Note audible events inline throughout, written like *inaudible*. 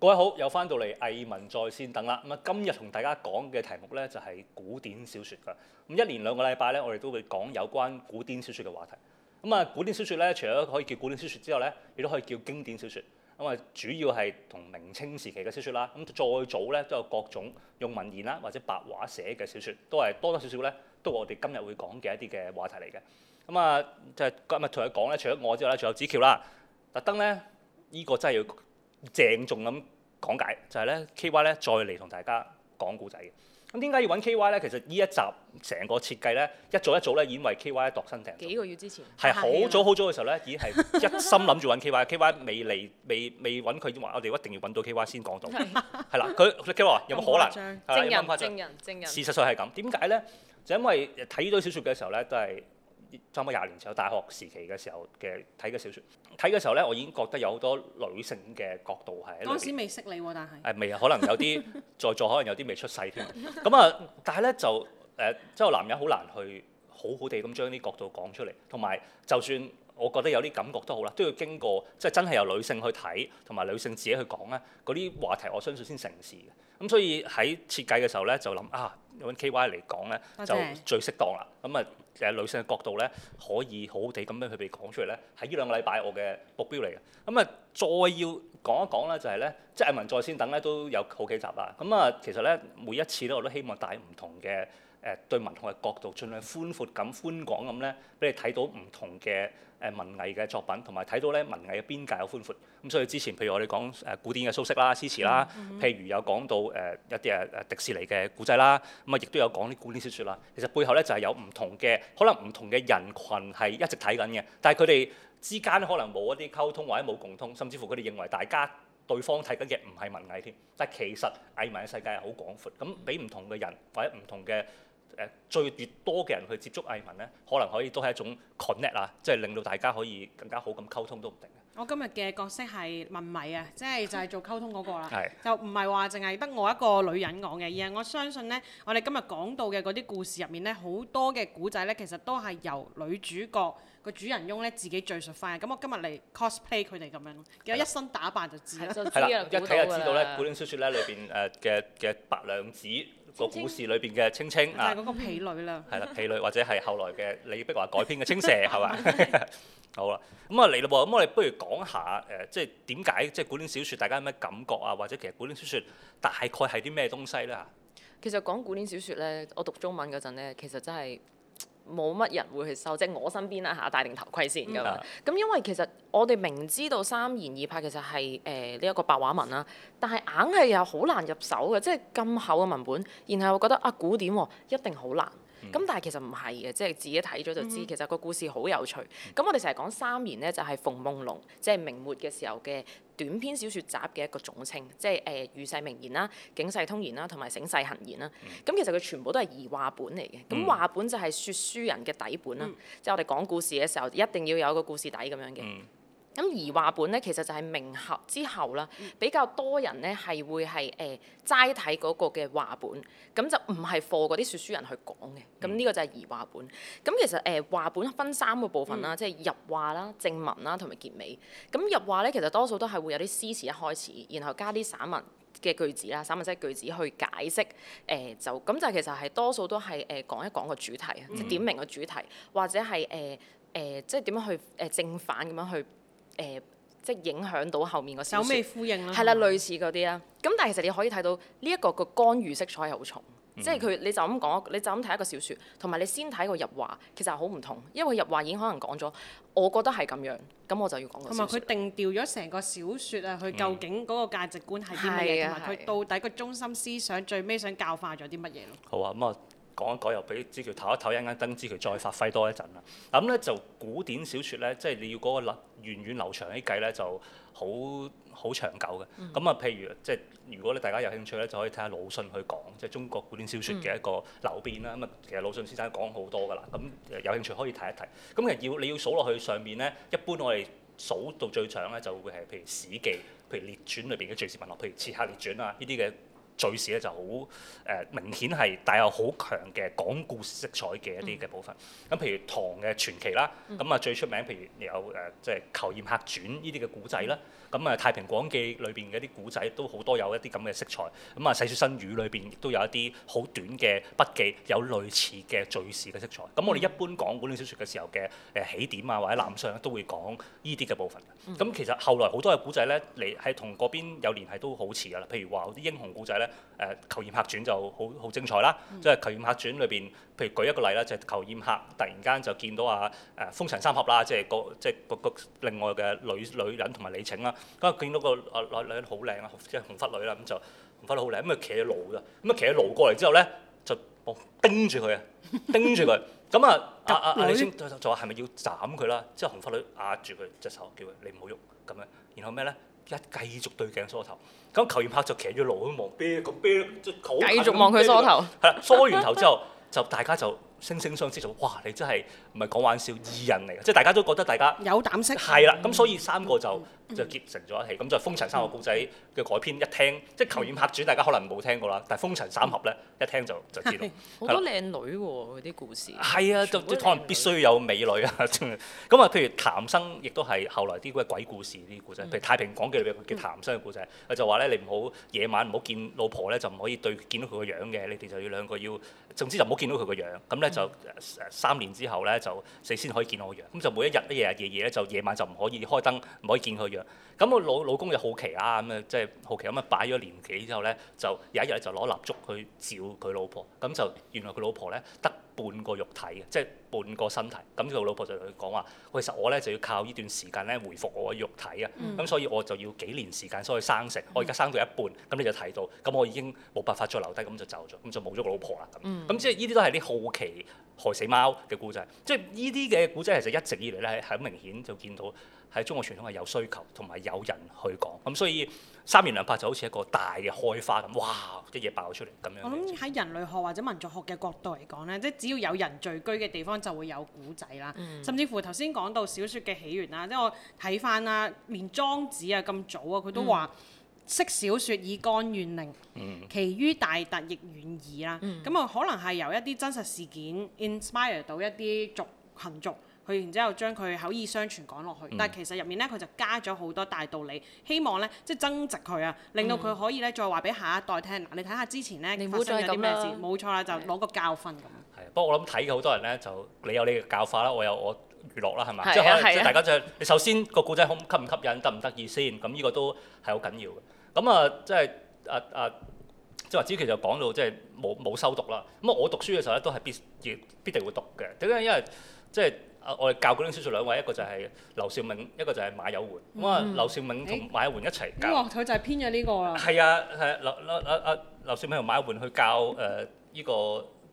各位好，又翻到嚟藝文在線等啦。咁啊，今日同大家講嘅題目咧就係、是、古典小説㗎。咁一連兩個禮拜咧，我哋都會講有關古典小説嘅話題。咁啊，古典小説咧，除咗可以叫古典小説之外咧，亦都可以叫經典小説。咁啊，主要係同明清時期嘅小説啦。咁再早咧都有各種用文言啦或者白話寫嘅小説，都係多多少少咧都我哋今日會講嘅一啲嘅話題嚟嘅。咁、嗯、啊，即係今日同佢講咧，除咗我之外咧，仲有紫翹啦。特登咧，呢、這個真係要。鄭重咁講解，就係咧 KY 咧再嚟同大家講故仔嘅。咁點解要揾 KY 咧？其實呢一集成個設計咧，一早一早咧已經為 KY 度身訂做。幾個月之前。係好早好早嘅時候咧，已經係一心諗住揾 KY。KY 未嚟，未未揾佢，話我哋一定要揾到 KY 先講到。係啦，佢 KY 有冇可能？證人。證人證人。事實上係咁，點解咧？就因為睇到小説嘅時候咧，都係。差唔多廿年前，有大學時期嘅時候嘅睇嘅小説，睇嘅時候咧，我已經覺得有好多女性嘅角度係。嗰時未識你喎，但係。誒， *laughs* 未可能有啲在座可能有啲未出世添。咁、嗯、啊，但係咧就誒，即、呃、係男人好難去好好地咁將啲角度講出嚟，同埋就算我覺得有啲感覺都好啦，都要經過即係、就是、真係由女性去睇，同埋女性自己去講咧，嗰啲話題我相信先成事嘅。咁所以喺設計嘅時候咧，就諗啊揾 KY 嚟講咧就最適當啦。咁啊白，誒女性嘅角度咧，可以好好地咁樣去俾佢講出嚟咧。喺呢兩個禮拜，我嘅目標嚟嘅。咁、嗯、啊，再要講一講咧、就係，就係咧，即係藝文在線等咧，都有好幾集啊。咁、嗯、啊，其實咧，每一次咧，我都希望帶唔同嘅。誒對文學嘅角度，儘量寬闊咁、寬廣咁咧，俾你睇到唔同嘅誒文藝嘅作品，同埋睇到咧文藝嘅邊界有寬闊。咁所以之前，譬如我哋講誒古典嘅蘇軾啦、詩詞啦，譬如有講到誒一啲誒誒迪士尼嘅古仔啦，咁啊亦都有講啲古典小説啦。其實背後咧就係有唔同嘅，可能唔同嘅人群係一直睇緊嘅，但係佢哋之間可能冇一啲溝通或者冇共通，甚至乎佢哋認為大家對方睇緊嘅唔係文藝添。但係其實藝文嘅世界係好廣闊，咁俾唔同嘅人或者唔同嘅。最越多嘅人去接觸藝文咧，可能可以都係一種 connect 啊，即係令到大家可以更加好咁溝通都唔定嘅。我今日嘅角色係問米啊，即係就係做溝通嗰個啦。係 *laughs* 的就唔係話淨係得我一個女人講嘅，而係我相信咧，我哋今日講到嘅嗰啲故事入面咧，好多嘅古仔咧，其實都係由女主角個主人翁咧自己敘述翻嘅。咁我今日嚟 cosplay 佢哋咁樣，見有一身打扮就自己就知有 *laughs* 的 *laughs* 一睇就知道咧，古典小説咧裏邊誒嘅嘅白娘子，個故事裏邊嘅青青啊，係嗰個婢女啦，係啦， *laughs* 婢女或者係後來嘅李碧華改編嘅青蛇係嘛？ *laughs* 是吧 *laughs* 好啦，咁啊嚟啦噃，咁我哋不如講下誒，即係點解即係古典小説，大家有咩感覺啊？或者其實古典小説大概係啲咩東西咧、啊？嚇，其實講古典小説咧，我讀中文嗰陣咧，其實真係～冇乜人會去收，即係我身邊啦吓，戴定頭盔先㗎嘛。咁、嗯、因為其實我哋明知道三言二拍其實係誒呢一個白話文啦，但係硬係又好難入手嘅，即係咁厚嘅文本，然後又覺得啊古典、喎、一定好難。咁、嗯、但係其實唔係嘅，即係自己睇咗就知，嗯、其實個故事好有趣。咁、嗯、我哋成日講三言呢，就係、是、馮夢龍，即、就、係、是、明末嘅時候嘅短篇小說集嘅一個總稱，即係誒《喻、呃、世明言》啦，《警世通言》啦，同埋《醒世恆言》啦、嗯。咁其實佢全部都係擬話本嚟嘅。咁、嗯、話本就係説書人嘅底本啦，即係、嗯、我哋講故事嘅時候一定要有個故事底咁樣嘅。嗯咁 *music* 擬話本咧，其實就係明合之後啦，比較多人咧係會係誒齋睇嗰個嘅話本，咁就唔係畀嗰啲説書人去講嘅。咁呢、嗯、個就係擬話本。咁其實誒、呃、話本分三個部分啦，嗯、即係入話啦、正文啦同埋結尾。咁入話咧，其實多數都係會有啲詩詞一開始，然後加啲散文嘅句子啦、散文式句子去解釋。誒、呃、就咁就其實係多數都係誒講一講個主題啊，即係、嗯嗯、點明個主題，或者係誒誒即係點樣去誒正反咁樣去。正誒、呃，即係影響到後面個小説，有未呼應啦？係啦的，的類似嗰啲啦。咁的但係其實你可以睇到呢一、這個個干預色彩係好重，嗯、即係佢你就咁講，你就咁睇一個小説，同埋你先睇個入話，其實好唔同，因為入話已經可能講咗，我覺得係咁樣，咁我就要講個。同埋佢定調咗成個小説啊，佢究竟嗰個價值觀係啲咩？嘢、嗯，同埋佢到底個中心思想最尾想教化咗啲乜嘢咯？好啊，咁啊。講一講又俾紫翹唞一唞，一陣間等紫翹再發揮多一陣啦。咁、嗯、咧就古典小説咧，即係你要嗰個源遠，遠流長啲計咧，就好好長久嘅。咁啊、嗯，譬如即係如果咧大家有興趣咧，就可以睇下魯迅去講即係中國古典小説嘅一個流變啦。咁啊、嗯，其實魯迅先生講好多㗎啦。咁有興趣可以睇一睇。咁其實要你要數落去上面咧，一般我哋數到最長咧就會係譬如《史記》譬，譬如《列傳》裏邊嘅敘事文學，譬如《刺客列傳》啊呢啲嘅。敘事咧就好誒、呃、明顯係帶有好強嘅講故事色彩嘅一啲嘅部分，咁、嗯、譬如唐嘅傳奇啦，咁啊、嗯、最出名譬如你有誒即係《呃就是、虯髯客傳》呢啲嘅古仔啦。嗯。咁啊，嗯，《太平廣記》裏邊嘅啲古仔都好多有一啲咁嘅色彩，咁、嗯、啊，《世說新語》裏邊亦都有一啲好短嘅筆記，有類似嘅敘事嘅色彩。咁、嗯、我哋一般講古典小説嘅時候嘅誒起點啊，或者濫觴都會講依啲嘅部分。咁、嗯、其實後來好多嘅古仔咧，係同嗰邊有聯繫都好似噶啦。譬如話啲英雄古仔咧。誒《虯髯客傳》就好好精彩啦，即係、嗯《虯髯客傳》裏邊，譬如舉一個例啦，就虯髯客突然間就見到啊誒風塵三俠啦，即係個即係個個另外嘅女女人同埋李靖啦，咁啊見到個啊女人好靚 *laughs* 啊，即係紅拂女啦，咁、啊、就紅拂女好靚，因為騎喺路㗎，咁啊騎喺路過嚟之後咧，就望盯住佢啊，盯住佢，咁啊啊啊李靖就就話係咪要斬佢啦？之後紅拂女壓住佢隻手，叫佢你唔好喐，咁樣，然後咩咧？一繼續對鏡梳頭，咁球員拍就騎住路去望，啤個啤，即係繼續望佢梳頭。係啦， *laughs* 梳完頭之後，就大家就惺惺相惜，就哇！你真係唔係講玩笑，異人嚟嘅，即係大家都覺得大家有膽色。係啦，咁所以三個就，嗯就結成咗一齊，咁就係《風塵三俠》故仔嘅改編，一聽即係《虬髯客傳》，大家可能冇聽過啦。但《風塵三俠》咧，一聽就就知道好的的多靚女喎、啊，嗰啲故事係啊，就即的可能必須有美女啊。咁 *laughs* 啊，譬如譚生亦都係後來啲鬼故事啲故仔，譬如《太平廣記》嘅叫譚生嘅故仔， *laughs* 就話咧，你唔好夜晚唔好見老婆咧，就唔可以對見到佢個樣嘅，你哋就要兩個要總之就唔好見到佢個樣。咁咧就三年之後咧就死先可以見到個樣。咁就每一日咧，日日夜夜咧就夜晚就唔可以開燈，唔可以見佢樣。咁我老老公就好奇啦、啊，咁啊即係好奇咁啊擺咗年幾之後咧，就有一日就攞蠟燭去照佢老婆，咁就原來佢老婆咧得半個肉體嘅，即係半個身體。咁佢老婆就講話：其實我咧就要靠呢段時間咧回復我嘅肉體啊，咁、嗯、所以我就要幾年時間所以生食。我而家生到一半，咁、嗯、你就睇到，咁我已經冇辦法再留低，咁就走咗，咁就冇咗個老婆啦。咁，咁即係呢啲都係啲好奇害死貓嘅古仔，即係呢啲嘅古仔，其實一直以嚟咧，係好明顯就見到喺中國傳統係有需求同埋有，有人去講，咁、嗯、所以三言兩拍就好似一個大嘅開花咁，哇！一嘢爆出嚟咁樣。我諗喺人類學或者民族學嘅角度嚟講咧，即係只要有人聚居嘅地方就會有古仔啦，嗯、甚至乎頭先講到小説嘅起源啦，即係我睇翻啊，連莊子啊咁早啊，佢都話。嗯飾小説以干縣令，嗯、其於大達亦遠矣啦。咁啊、嗯，可能係由一啲真實事件 inspire 到一啲族群族，佢然之後將佢口耳相傳講落去。嗯、但係其實入面咧，佢就加咗好多大道理，希望咧，即係增值佢啊，令到佢可以咧再話俾下一代聽。嗱，你睇下之前咧發生有啲咩事，冇錯啦，就攞個教訓咁。係，不過我諗睇嘅好多人咧，就你有你嘅教法啦，我有我。娛樂啦係嘛？啊啊、即係即係大家就係、是、你首先、那個故仔吸唔吸引得唔得意先，咁呢個都係好緊要嘅。咁啊即係啊啊，啊啊即係話之前就講到即係冇冇收讀啦。咁啊我讀書嘅時候咧都係必必必定會讀嘅。點解？因為即係啊，我哋教古典小説兩位，一個就係劉紹銘，一個就係馬幼垣。咁啊，劉紹銘同馬幼垣一齊教。佢就編咗呢個啦。係啊係啊，劉劉啊啊，劉紹銘同馬幼垣去教誒依、呃這個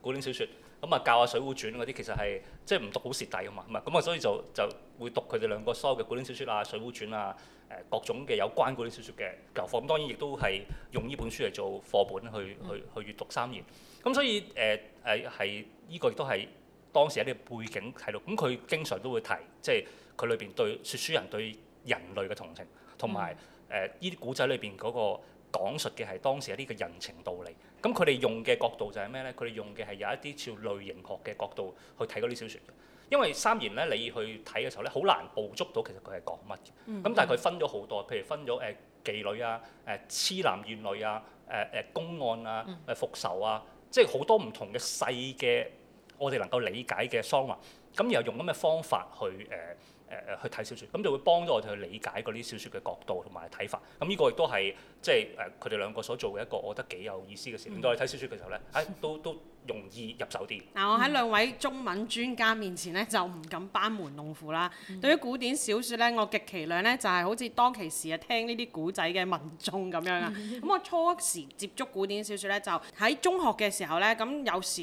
古典小説。咁啊，教下《水滸傳》嗰啲，其實係即係唔讀好蝕底啊嘛，咁啊，所以就就會讀佢哋兩個所有嘅古典小説啊，呃《水滸傳》啊，誒各種嘅有關古典小説嘅教材，咁當然亦都係用呢本書嚟做課本去、嗯、去去閲讀三言。咁、嗯、所以誒誒係呢個亦都係當時一啲背景睇到。咁、嗯、佢經常都會提，即係佢裏邊對說書人對人類嘅同情，同埋誒呢啲古仔裏邊嗰個。講述嘅係當時一啲嘅人情道理，咁佢哋用嘅角度就係咩咧？佢哋用嘅係有一啲似類型學嘅角度去睇嗰啲小説，因為三言咧你去睇嘅時候咧，好難捕捉到其實佢係講乜嘅。咁、嗯、但係佢分咗好多，譬如分咗誒、呃、妓女啊、誒、呃、痴男怨女啊、誒、呃、誒公案啊、誒、嗯、復仇啊，即係好多唔同嘅細嘅我哋能夠理解嘅桑畫，咁然後用咁嘅方法去誒。呃誒誒、呃、去睇小説，咁、嗯、就會幫咗我哋去理解嗰啲小説嘅角度同埋睇法。咁、嗯、呢、這個亦都係即係誒佢哋兩個所做嘅一個，我覺得幾有意思嘅事。再睇、嗯嗯、小説嘅時候咧，誒、哎、都都。 *laughs* 都容易入手啲。嗱、嗯，我喺兩位中文專家面前咧，就唔敢班門弄斧啦。嗯、對於古典小説咧，我極其量咧就係、是、好似當其時啊聽呢啲古仔嘅民眾咁樣啦。咁、嗯、我初時接觸古典小説咧，就喺中學嘅時候咧，咁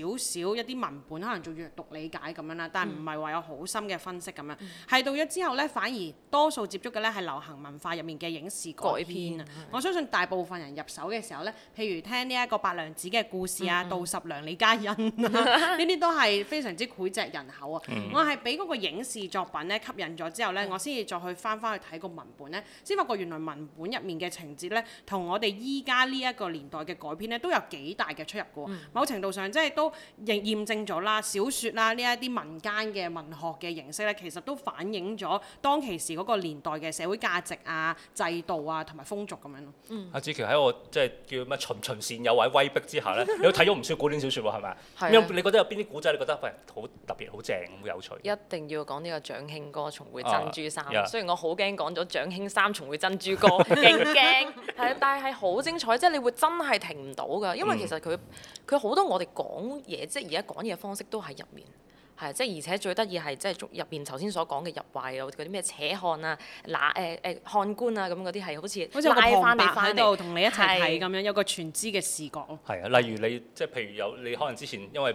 有少少一啲文本，可能做閱讀理解咁樣啦，但係唔係話有好深嘅分析咁樣。係、嗯、到咗之後咧，反而多數接觸嘅咧係流行文化入面嘅影視改編啊。嗯、我相信大部分人入手嘅時候咧，譬如聽呢一個白娘子嘅故事啊，杜十娘嘉瀛，呢啲、啊、都係非常之膾炙人口啊！嗯、我係俾嗰個影視作品咧吸引咗之後咧，嗯、我先至再去返返去睇個文本咧，先發覺原來文本入面嘅情節咧，同我哋依家呢一個年代嘅改編咧，都有幾大嘅出入嘅、嗯、某程度上即係都驗驗證咗啦，小説啦呢一啲民間嘅文學嘅形式咧，其實都反映咗當其時嗰個年代嘅社會價值啊、制度啊同埋風俗咁樣咯。阿紫翹喺我即係叫咩循循善誘或者威逼之下咧，你都睇咗唔少古典小説喎。 *laughs* 係咪？咁係、啊、你覺得有邊啲古仔？你覺得喂好特別、好正、好有趣。一定要講呢個《蔣興哥重會珍珠衫》，雖然我好驚講咗《蔣興衫重會珍珠哥》，勁驚。係啊，啊 *laughs* *laughs* 但係好精彩，即、就、係、是、你會真係停唔到㗎，因為其實佢佢，好多我哋講嘢，即係而家講嘢方式都喺入面。係，即係而且最得意係，即係入面頭先所講嘅入話有嗰啲咩扯漢啊、呃、啊、那誒誒漢官啊咁，嗰啲係好似拉翻你翻嚟，同你一齊睇咁樣，有個全知嘅視角。係啊，例如你即係譬如有你，你，你可能之前因為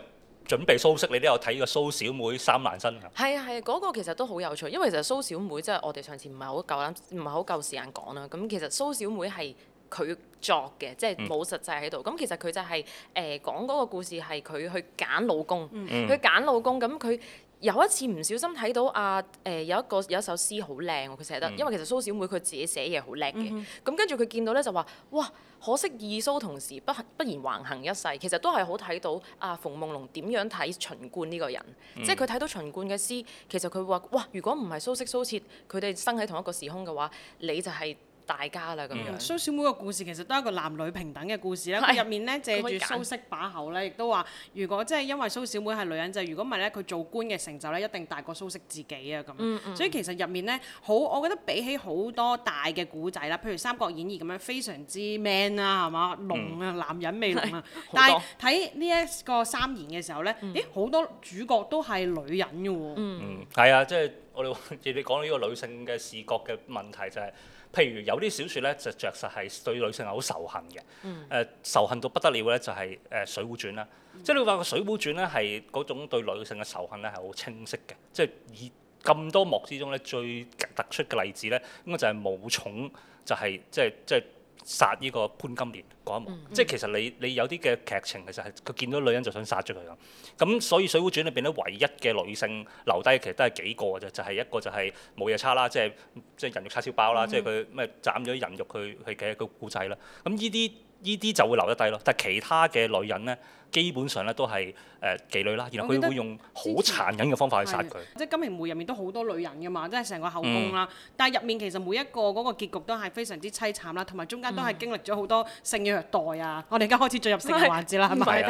準備蘇軾，你都有睇過蘇小妹三難身㗎。係啊係啊，嗰、那個其實都好有趣，因為其實蘇小妹即係、就是、我哋上次唔係好夠啦，唔係好夠時間講啦。咁其實蘇小妹係。佢作嘅，即係冇實際喺度。咁其實佢就係、是、誒、呃、講嗰個故事係佢去揀老公，佢揀、嗯、老公。咁佢有一次唔小心睇到阿誒、啊呃、有一個有一首詩好靚，佢寫得。嗯、因為其實蘇小妹佢自己寫嘢好叻嘅。咁、嗯嗯嗯、跟住佢見到咧就話：哇！可惜二蘇同時不不然橫行一世。其實都係好睇到阿、啊、馮夢龍點樣睇秦觀呢個人，嗯、即係佢睇到秦觀嘅詩。其實佢話：哇！如果唔係蘇軾蘇轍，佢哋生喺同一個時空嘅話，你就係、是。大家啦咁樣。蘇小妹嘅故事其實都係一個男女平等嘅故事啦。佢入面咧借住蘇軾把口咧，亦都話：如果即係因為蘇小妹係女人，就如果唔係咧，佢做官嘅成就咧，一定大過蘇軾自己啊咁。所以其實入面咧，好，我覺得比起好多大嘅古仔啦，譬如《三國演義》咁樣，非常之 man 啊，係嘛？濃啊，男人味濃啊。但係睇呢一個三言嘅時候咧，咦，好多主角都係女人㗎喎。嗯，係啊，即係我哋亦都講到呢個女性嘅視覺嘅問題就係。譬如有啲小説咧，就著實係對女性係好仇恨嘅。誒、嗯呃、仇恨到不得了咧，就係、是、誒、呃《水滸傳》啦、嗯。即係你話個《水滸傳》咧，係嗰種對女性嘅仇恨咧，係好清晰嘅。即、就、係、是、以咁多幕之中咧，最突出嘅例子咧，咁就係武松就係即係即係。就是就是殺呢個潘金蓮嗰一幕，嗯嗯、即係其實你你有啲嘅劇情其實係佢見到女人就想殺咗佢咁。咁所以《水滸傳》裏邊咧，唯一嘅女性留低嘅其實都係幾個啫，就係、是、一個就係母夜叉啦，即係即係人肉叉燒包啦，嗯嗯、即係佢咩斬咗人肉佢佢嘅一個故仔啦。咁呢啲呢啲就會留得低咯，但係其他嘅女人咧，基本上咧都係誒妓女啦，然後佢會用好殘忍嘅方法去殺佢。即係金瓶梅入面都好多女人㗎嘛，即係成個後宮啦。但係入面其實每一個嗰個結局都係非常之淒慘啦，同埋中間都係經歷咗好多性虐待啊。我哋而家開始進入性嘅環節啦，係咪？係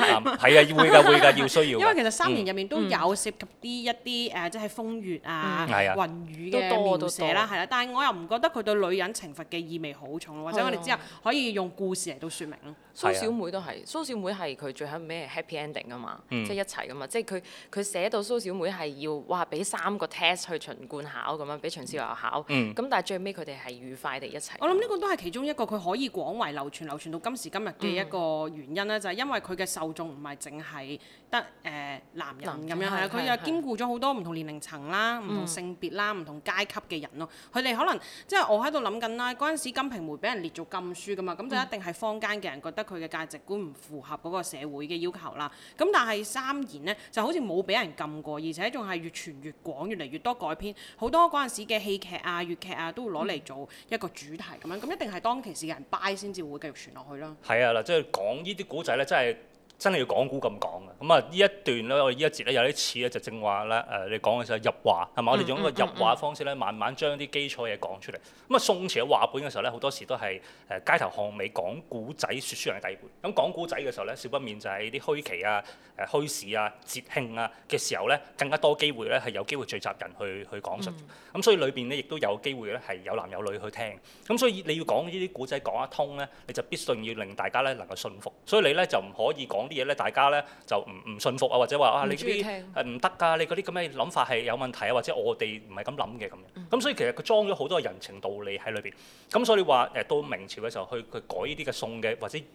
啊，要㗎要㗎，要需要。因為其實三年入面都有涉及啲一啲誒，即係風月啊、雲雨嘅描寫啦，係啦。但係我又唔覺得佢對女人懲罰嘅意味好重，或者我哋之後可以用故事嚟到説明。蘇小妹都係，蘇小妹係佢最後。咩 happy ending 啊嘛，嗯、嘛，即係一齊啊嘛，即係佢佢寫到蘇小妹係要哇俾三個 test 去秦觀考咁樣，俾秦少游考，咁、嗯、但係最尾佢哋係愉快地一齊。我諗呢個都係其中一個佢可以廣為流傳、流傳到今時今日嘅一個原因啦，嗯、就係因為佢嘅受眾唔係淨係，得誒、呃、男人咁樣係啊，佢又兼顧咗好多唔同年齡層啦、唔是同性別啦、唔、嗯、同階級嘅人咯。佢哋可能即係我喺度諗緊啦，嗰陣時《金瓶梅》俾人列做禁書噶嘛，咁就一定係坊間嘅人覺得佢嘅價值觀唔符合嗰個社會嘅要求啦。咁但係《三言》呢，就好似冇俾人禁過，而且仲係越傳越廣，越嚟越多改編，好多嗰陣時嘅戲劇啊、粵劇啊都會攞嚟做一個主題咁樣。咁一定係當其時嘅人 buy 先至會繼續傳落去咯。係啊，嗱，即係講呢啲古仔咧，真係～真係要講古咁講嘅，咁啊呢一段咧，我哋呢一節咧有啲似咧，就正話咧誒，你講嘅就係入話，係咪？我哋用一個入話方式咧，慢慢將啲基礎嘢講出嚟。咁啊，宋朝嘅話本嘅時候咧，好多時都係誒街頭巷尾講古仔、説書人嘅底本。咁講古仔嘅時候咧，少不免就係啲虛期啊、誒、呃、虛市啊、節慶啊嘅時候咧，更加多機會咧係有機會聚集人去去講述。咁、嗯、所以裏邊咧亦都有機會咧係有男有女去聽。咁所以你要講呢啲古仔講一通咧，你就必須要令大家咧能夠信服。所以你咧就唔可以講。啲嘢咧，大家咧就唔唔信服啊，或者話喜啊，你嗰啲誒唔得㗎，你嗰啲咁嘅諗法係有問題啊，或者我哋唔係咁諗嘅咁樣咁、嗯、所以其實佢裝咗好多人情道理喺裏邊，咁所以話誒、呃、到明朝嘅時候去去改呢啲嘅宋嘅或者元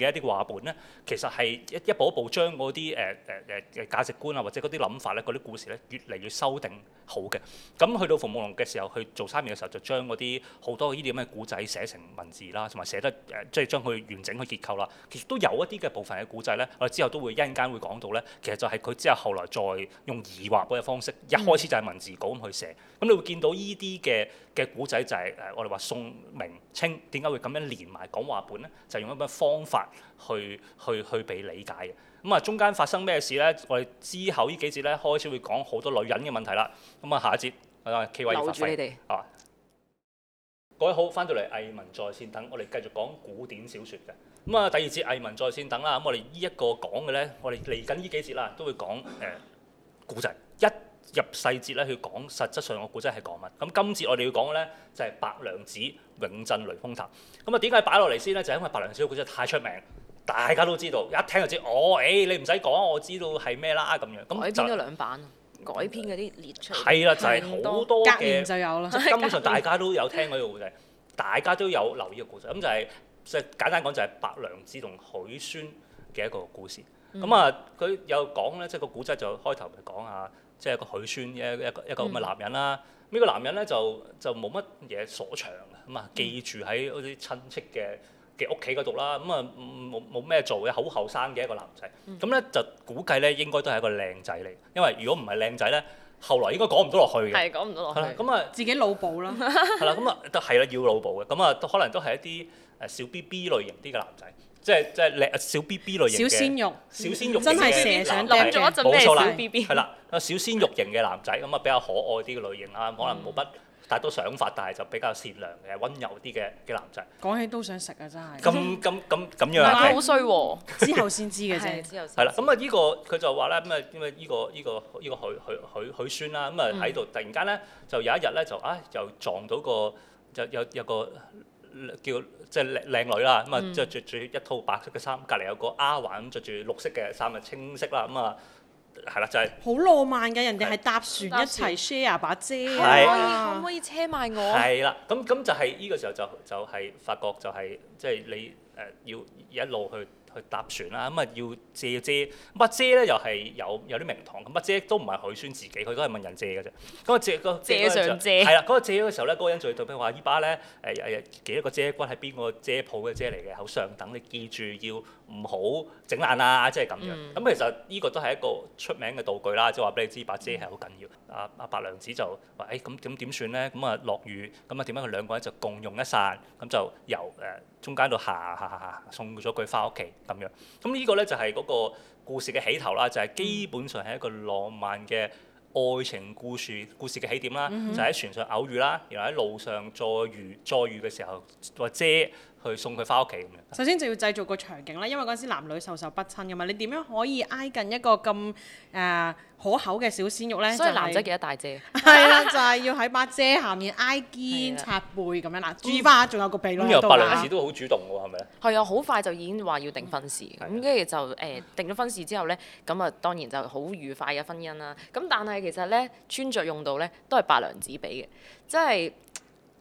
嘅一啲話本咧，其實係一一步一步將嗰啲誒誒誒誒價值觀啊，或者嗰啲諗法咧，嗰啲故事咧越嚟越修訂好嘅。咁去到馮夢龍嘅時候去做三言嘅時候，就將嗰啲好多呢啲咁嘅古仔寫成文字啦，同埋寫得誒、呃、即係將佢完整嘅結構啦。其實都有一啲嘅部分嘅古仔。我哋之後都會一陣間會講到咧，其實就係佢之後後來再用擬話本嘅方式，一開始就係文字稿咁去寫。咁、嗯、你會見到呢啲嘅嘅古仔就係、是、誒我哋話宋明清點解會咁樣連埋講話本咧？就是、用一啲方法去去去被理解嘅。咁啊，中間發生咩事咧？我哋之後呢幾節咧開始會講好多女人嘅問題啦。咁啊，下一節啊，企位要發揮。留住各位好翻到嚟《藝文在線等》，我哋繼續講古典小說嘅。咁啊，第二節《藝文在線等》等啦。咁我哋呢一個講嘅呢，我哋嚟緊呢幾節啦，都會講誒古仔。一入細節咧去講，實質上個古仔係講乜？咁今節我哋要講嘅呢，就係《白娘子永鎮雷峰塔》。咁啊，點解擺落嚟先呢？就因為《白娘子》嘅古仔太出名，大家都知道，一聽就知。哦，誒、哎，你唔使講，我知道係咩啦咁樣。咁就真係兩版。改編嗰啲列出嚟，係啦，就係、是、好多嘅，就有即係根本上大家都有聽嗰個故仔。 *laughs* 大家都有留意個故事。咁就係即係簡單講，就係白娘子同許宣嘅一個故事。咁、嗯、啊，佢又講咧，即係個古仔就開頭咪講下，即係個許宣一一個一個咁嘅男人啦、啊。呢、嗯、個男人咧就就冇乜嘢所長啊，咁啊記住喺嗰啲親戚嘅。嘅屋企嗰度啦，咁啊冇冇咩做嘅，好後生嘅一個男仔，咁咧就估計咧應該都係一個靚仔嚟，因為如果唔係靚仔咧，後來應該講唔到落去嘅。係講唔到落去。咁啊，自己腦補啦。係啦，咁啊，都係啦，要腦補嘅，咁啊，可能都係一啲誒小 B B 類型啲嘅男仔，即係即係靚小 B B 類型小鮮肉，小鮮肉真係嘅男。冇錯啦。係啦，小鮮肉型嘅男仔，咁啊比較可愛啲嘅類型啊，可能冇乜。大多想法，但係就比較善良嘅，溫柔啲嘅嘅男仔。講起都想食啊，真係。咁咁咁咁樣。奶奶好衰喎，之後先知嘅啫。 *noise* 之後係啦，咁啊，呢個佢就話咧，咁、嗯、啊，咁啊、嗯，呢個呢個呢個許許許許宣啦，咁啊喺度突然間咧，就有一日咧就啊，又撞到個有有有個叫即係靚靚女啦，咁啊即係著住一套白色嘅衫，隔離有個丫鬟着住綠色嘅衫啊，青色啦，咁啊。係啦，就係、是、好浪漫嘅，人哋係搭船一齊 share 把遮，可唔可以？可唔可以車埋我？係啦，咁咁就係呢個時候就就係、是、發覺就係即係你。誒要一路去去搭船啦，咁啊要借遮，遮。乜遮咧？又係有有啲名堂，咁乜遮都唔係許宣自己，佢都係問人借嘅啫。嗰個借個借上借係啦，嗰個借嘅時候咧，嗰個人就對譬如話：依把咧誒誒幾多個遮骨喺邊個遮鋪嘅遮嚟嘅，好上等，你記住要唔好整爛啊！即係咁樣。咁、嗯、其實呢個都係一個出名嘅道具啦，即係話俾你知，把遮係好緊要。阿阿、嗯啊、白娘子就話：誒咁咁點算咧？咁啊落雨，咁啊點解佢兩個咧就共用一傘？咁就由誒中間度行下。送咗佢翻屋企咁樣，咁、嗯、呢、呢個呢就係、是、嗰個故事嘅起頭啦，就係、是、基本上係一個浪漫嘅愛情故事故事嘅起點啦，嗯、哼就喺船上偶遇啦，然後喺路上再遇再遇嘅時候或者遮。去送佢翻屋企咁樣。首先就要製造個場景啦，因為嗰陣時男女授受不親嘅嘛，你點樣可以挨近一個咁誒、呃、可口嘅小鮮肉咧？所以男仔記得戴遮。係啦，就係、是、要喺把遮下面挨肩、擦背咁樣啦。住花仲有個鼻喺度。然後白娘子都好主動喎，係咪咧？係啊，好快就已經話要、嗯嗯嗯呃、定婚事。咁跟住就誒定咗婚事之後咧，咁啊當然就好愉快嘅婚姻啦。咁但係其實咧，穿着用到咧都係白娘子俾嘅，即、就、係、是、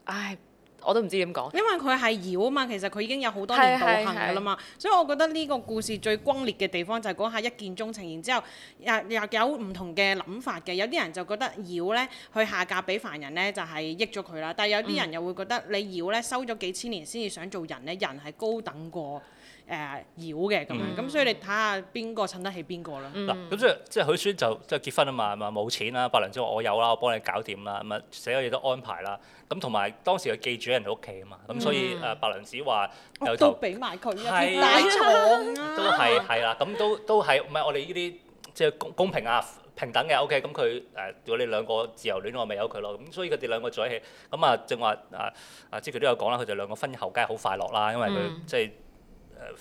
唉。我都唔知點講，因為佢係妖啊嘛，其實佢已經有好多年道行㗎啦嘛，是是是，所以我覺得呢個故事最轟烈嘅地方就係嗰下一見鍾情，然之後又又有唔同嘅諗法嘅，有啲人就覺得妖呢去下嫁俾凡人呢，就係益咗佢啦，但係有啲人又會覺得你妖呢收咗幾千年先至想做人呢？人係高等過，誒妖嘅咁樣，咁、嗯嗯、所以你睇下邊個襯得起邊個啦。嗱，咁即係即係許宣就即係結婚啊嘛，嘛冇錢啦，白娘子話我有啦，我幫你搞掂啦，咁啊所有嘢都安排啦。咁同埋當時佢記住人哋屋企啊嘛，咁、啊、所以誒白娘子話又就俾埋佢啊，天、啊、大錯、啊啊、都係係啦，咁、啊啊、都都係唔係我哋呢啲即係公公平啊平等嘅 OK，咁佢、呃、如果你兩個自由戀愛咪由佢咯，咁所以佢哋兩個在一起咁、嗯、啊正話啊啊即佢都有講啦，佢哋兩個婚後梗係好快樂啦，因為佢即係。嗯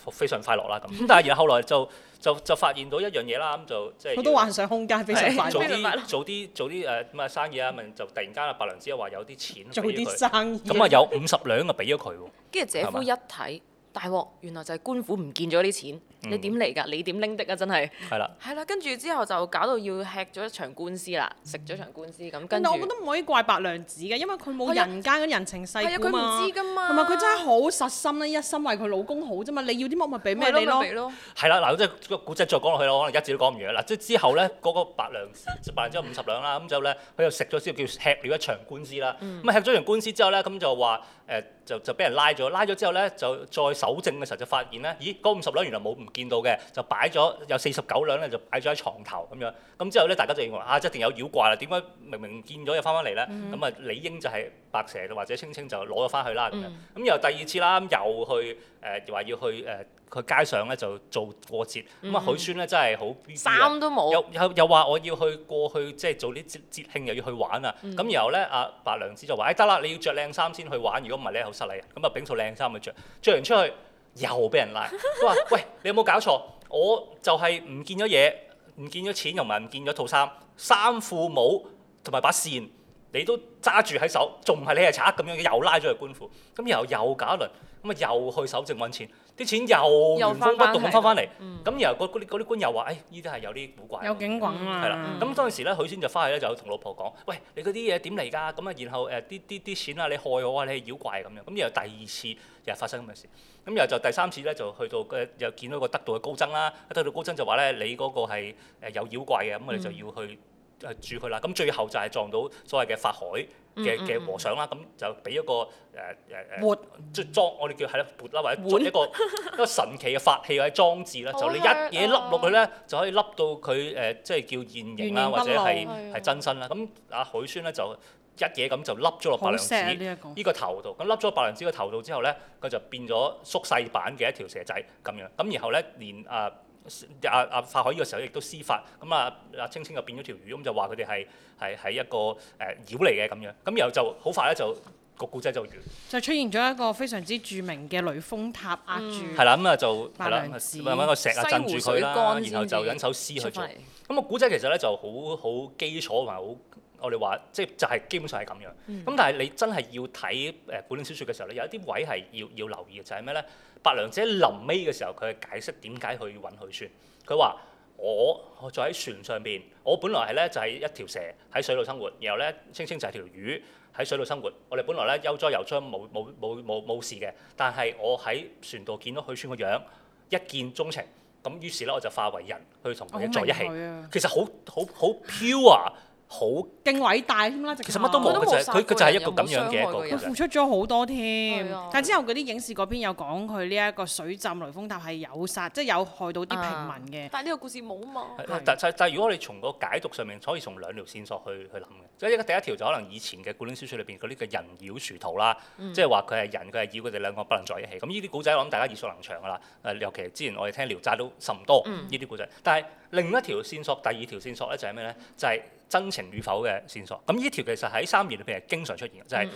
誒非常快樂啦，咁，咁但係然後後來就就就發現到一樣嘢啦，咁就即係好多幻想空間俾你做啲做啲做啲誒咁嘅生意啊，咁就突然間啊，白娘子只係話有啲錢做啲生意，咁啊 *laughs* 有五十兩啊俾咗佢喎，跟住姐夫一睇，大鑊吧原來就係官府唔見咗啲錢。你點嚟㗎？你點拎的啊？真係係啦，係啦，跟住之後就搞到要吃咗一場官司啦，食咗場官司咁。嗯、但我覺得唔可以怪白娘子嘅，因為佢冇人間嘅人情世故啊嘛。係啊，佢唔知㗎嘛。同埋佢真係好實心啦，一心為佢老公好啫嘛。你要啲乜咪俾咩你咯？係咯，俾、就、啦、是，嗱，即係古仔再講落去啦，我可能一字都講唔完啊。即係之後咧，嗰、那個白娘子娘子有五十兩啦，咁之後咧，佢就食咗啲叫吃了一場官司啦。咁啊、嗯嗯，吃咗場官司之後咧，咁就話誒、呃，就就俾人拉咗，拉咗之後咧，就再搜證嘅時候就發現咧，咦，嗰、那個、五十兩原來冇唔～見到嘅就擺咗有四十九兩咧，就擺咗喺床頭咁樣。咁之後咧，大家就認為啊，一定有妖怪啦。點解明明見咗又翻翻嚟咧？咁啊、嗯，理應就係白蛇或者青青就攞咗翻去啦咁樣。咁、嗯嗯、然後第二次啦，又去又話要去誒，去街上咧就做過節。咁啊，許宣咧真係好，衫都冇，又又又話我要去過去即係做啲節節慶，又要去玩、嗯、啊。咁然後咧，阿白娘子就話：，哎，哎得啦，你要着靚衫先去玩，如果唔係咧，好失禮啊。咁啊，整數靚衫去着，着完出去。又俾人拉，佢話：喂，你有冇搞錯？我就係唔見咗嘢，唔見咗錢，又唔係唔見咗套衫，衫褲帽同埋把扇，你都揸住喺手，仲唔係你係賊咁樣，又拉咗去官府。咁然後又搞一輪，咁啊又去搜證揾錢，啲錢又原封不動咁翻翻嚟。咁、嗯、然後嗰啲官又話：誒、哎，呢啲係有啲古怪，有警棍啊。係啦，咁當時咧，許仙就翻去咧，就同老婆講：喂，你嗰啲嘢點嚟㗎？咁啊，然後誒啲啲啲錢啊，你害我啊，你係妖怪咁樣。咁然後第二次。又發生咁嘅事，咁又就第三次咧，就去到嘅，又見到個得道嘅高僧啦，得道高僧就話咧，你嗰個係有妖怪嘅，咁我哋就要去誒住佢啦。咁最後就係撞到所謂嘅法海嘅嘅和尚啦，咁、嗯嗯嗯、就俾一個誒誒誒，即、呃、裝、呃、我哋叫係啦，缽啦或者一個碗 *laughs* 一個神奇嘅法器或者裝置啦，就你一嘢笠落去咧，就可以笠到佢，誒即係叫現形啊，或者係係真身啦。咁阿許宣咧就。一嘢咁就凹咗落白娘子呢、啊這個、個頭度，咁凹咗白娘子個頭度之後咧，佢就變咗縮細版嘅一條蛇仔咁樣。咁然後咧，連阿阿阿法海依個時候亦都施法，咁、嗯、啊阿青青就變咗條魚，咁就話佢哋係係係一個誒、呃、妖嚟嘅咁樣。咁然後就好快咧就、這個古仔就完。就出現咗一個非常之著名嘅雷峰塔壓住。係啦、嗯，咁啊、嗯、就個石鎮住佢啦，西湖水乾，然後就引首詩去做。咁來個古仔其實咧就好好基礎同埋好。我哋話即係就係基本上係咁樣。咁、嗯、但係你真係要睇誒古典小説嘅時候咧，有一啲位係要要留意嘅，就係咩咧？白娘子臨尾嘅時候，佢解釋點解去揾許宣。佢話：我我坐喺船上邊，我本來係咧就係、是、一條蛇喺水道生活，然後咧青青就係條魚喺水道生活。我哋本來咧悠哉遊哉冇冇冇冇冇事嘅，但係我喺船度見到許宣個樣，一見鐘情。咁於是咧我就化為人去同佢哋在一起。Oh、my 其實好好好 pure 啊！ *laughs* 好勁偉大添啦！其實乜都冇，佢就佢係一個咁樣嘅一個。佢付出咗好多添，啊、但係之後嗰啲影視嗰邊有講佢呢一個水浸雷峯塔係有殺，即、就、係、是、有害到啲平民嘅、嗯。但係呢個故事冇是是但係如果你從個解讀上面，可以從兩條線索去去諗嘅。所以第一條就可能以前嘅古典小説裏邊嗰啲嘅人妖殊途啦，嗯、即係話佢係人，佢係妖，佢哋兩個不能在一起。咁呢啲古仔我諗大家耳熟能詳㗎啦。尤其之前我哋聽聊齋都甚多呢啲古仔。但係另一條線索，第二條線索咧就係咩咧？就係、是真情與否嘅線索，咁呢條其實喺三言裏邊係經常出現嘅，就係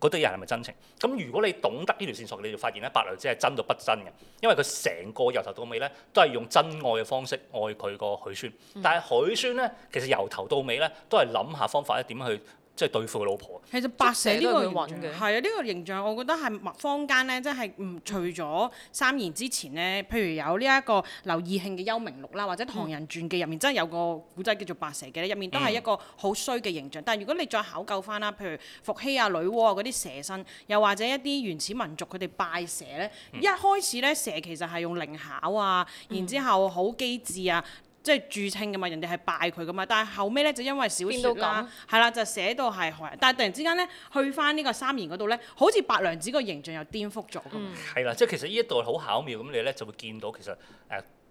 嗰對人係咪真情？咁如果你懂得呢條線索，你就發現咧白娘子係真到不真嘅，因為佢成個由頭到尾咧都係用真愛嘅方式愛佢個許宣，但係許宣咧其實由頭到尾咧都係諗下方法咧點去。即係對付佢老婆。其實白蛇呢個係啊，呢、嗯嗯這個形象我覺得係物坊間咧，即係唔除咗三言之前咧，譬如有呢一個劉義慶嘅《幽明錄》啦，或者《唐人傳記》入面，真係有個古仔叫做《白蛇嘅，咧，入面都係一個好衰嘅形象。嗯、但係如果你再考究翻啦，譬如伏羲啊、女媧啊嗰啲蛇身，又或者一啲原始民族佢哋拜蛇咧，嗯、一開始咧蛇其實係用靈巧啊，然之後好機智啊。嗯嗯即係著稱嘅嘛，人哋係拜佢嘅嘛，但係後尾咧就因為少都啦，係啦，就寫到係，但係突然之間咧去翻呢個三言嗰度咧，好似白娘子個形象又顛覆咗咁嘛。係啦，即係其實呢一度好巧妙咁，你咧就會見到其實誒，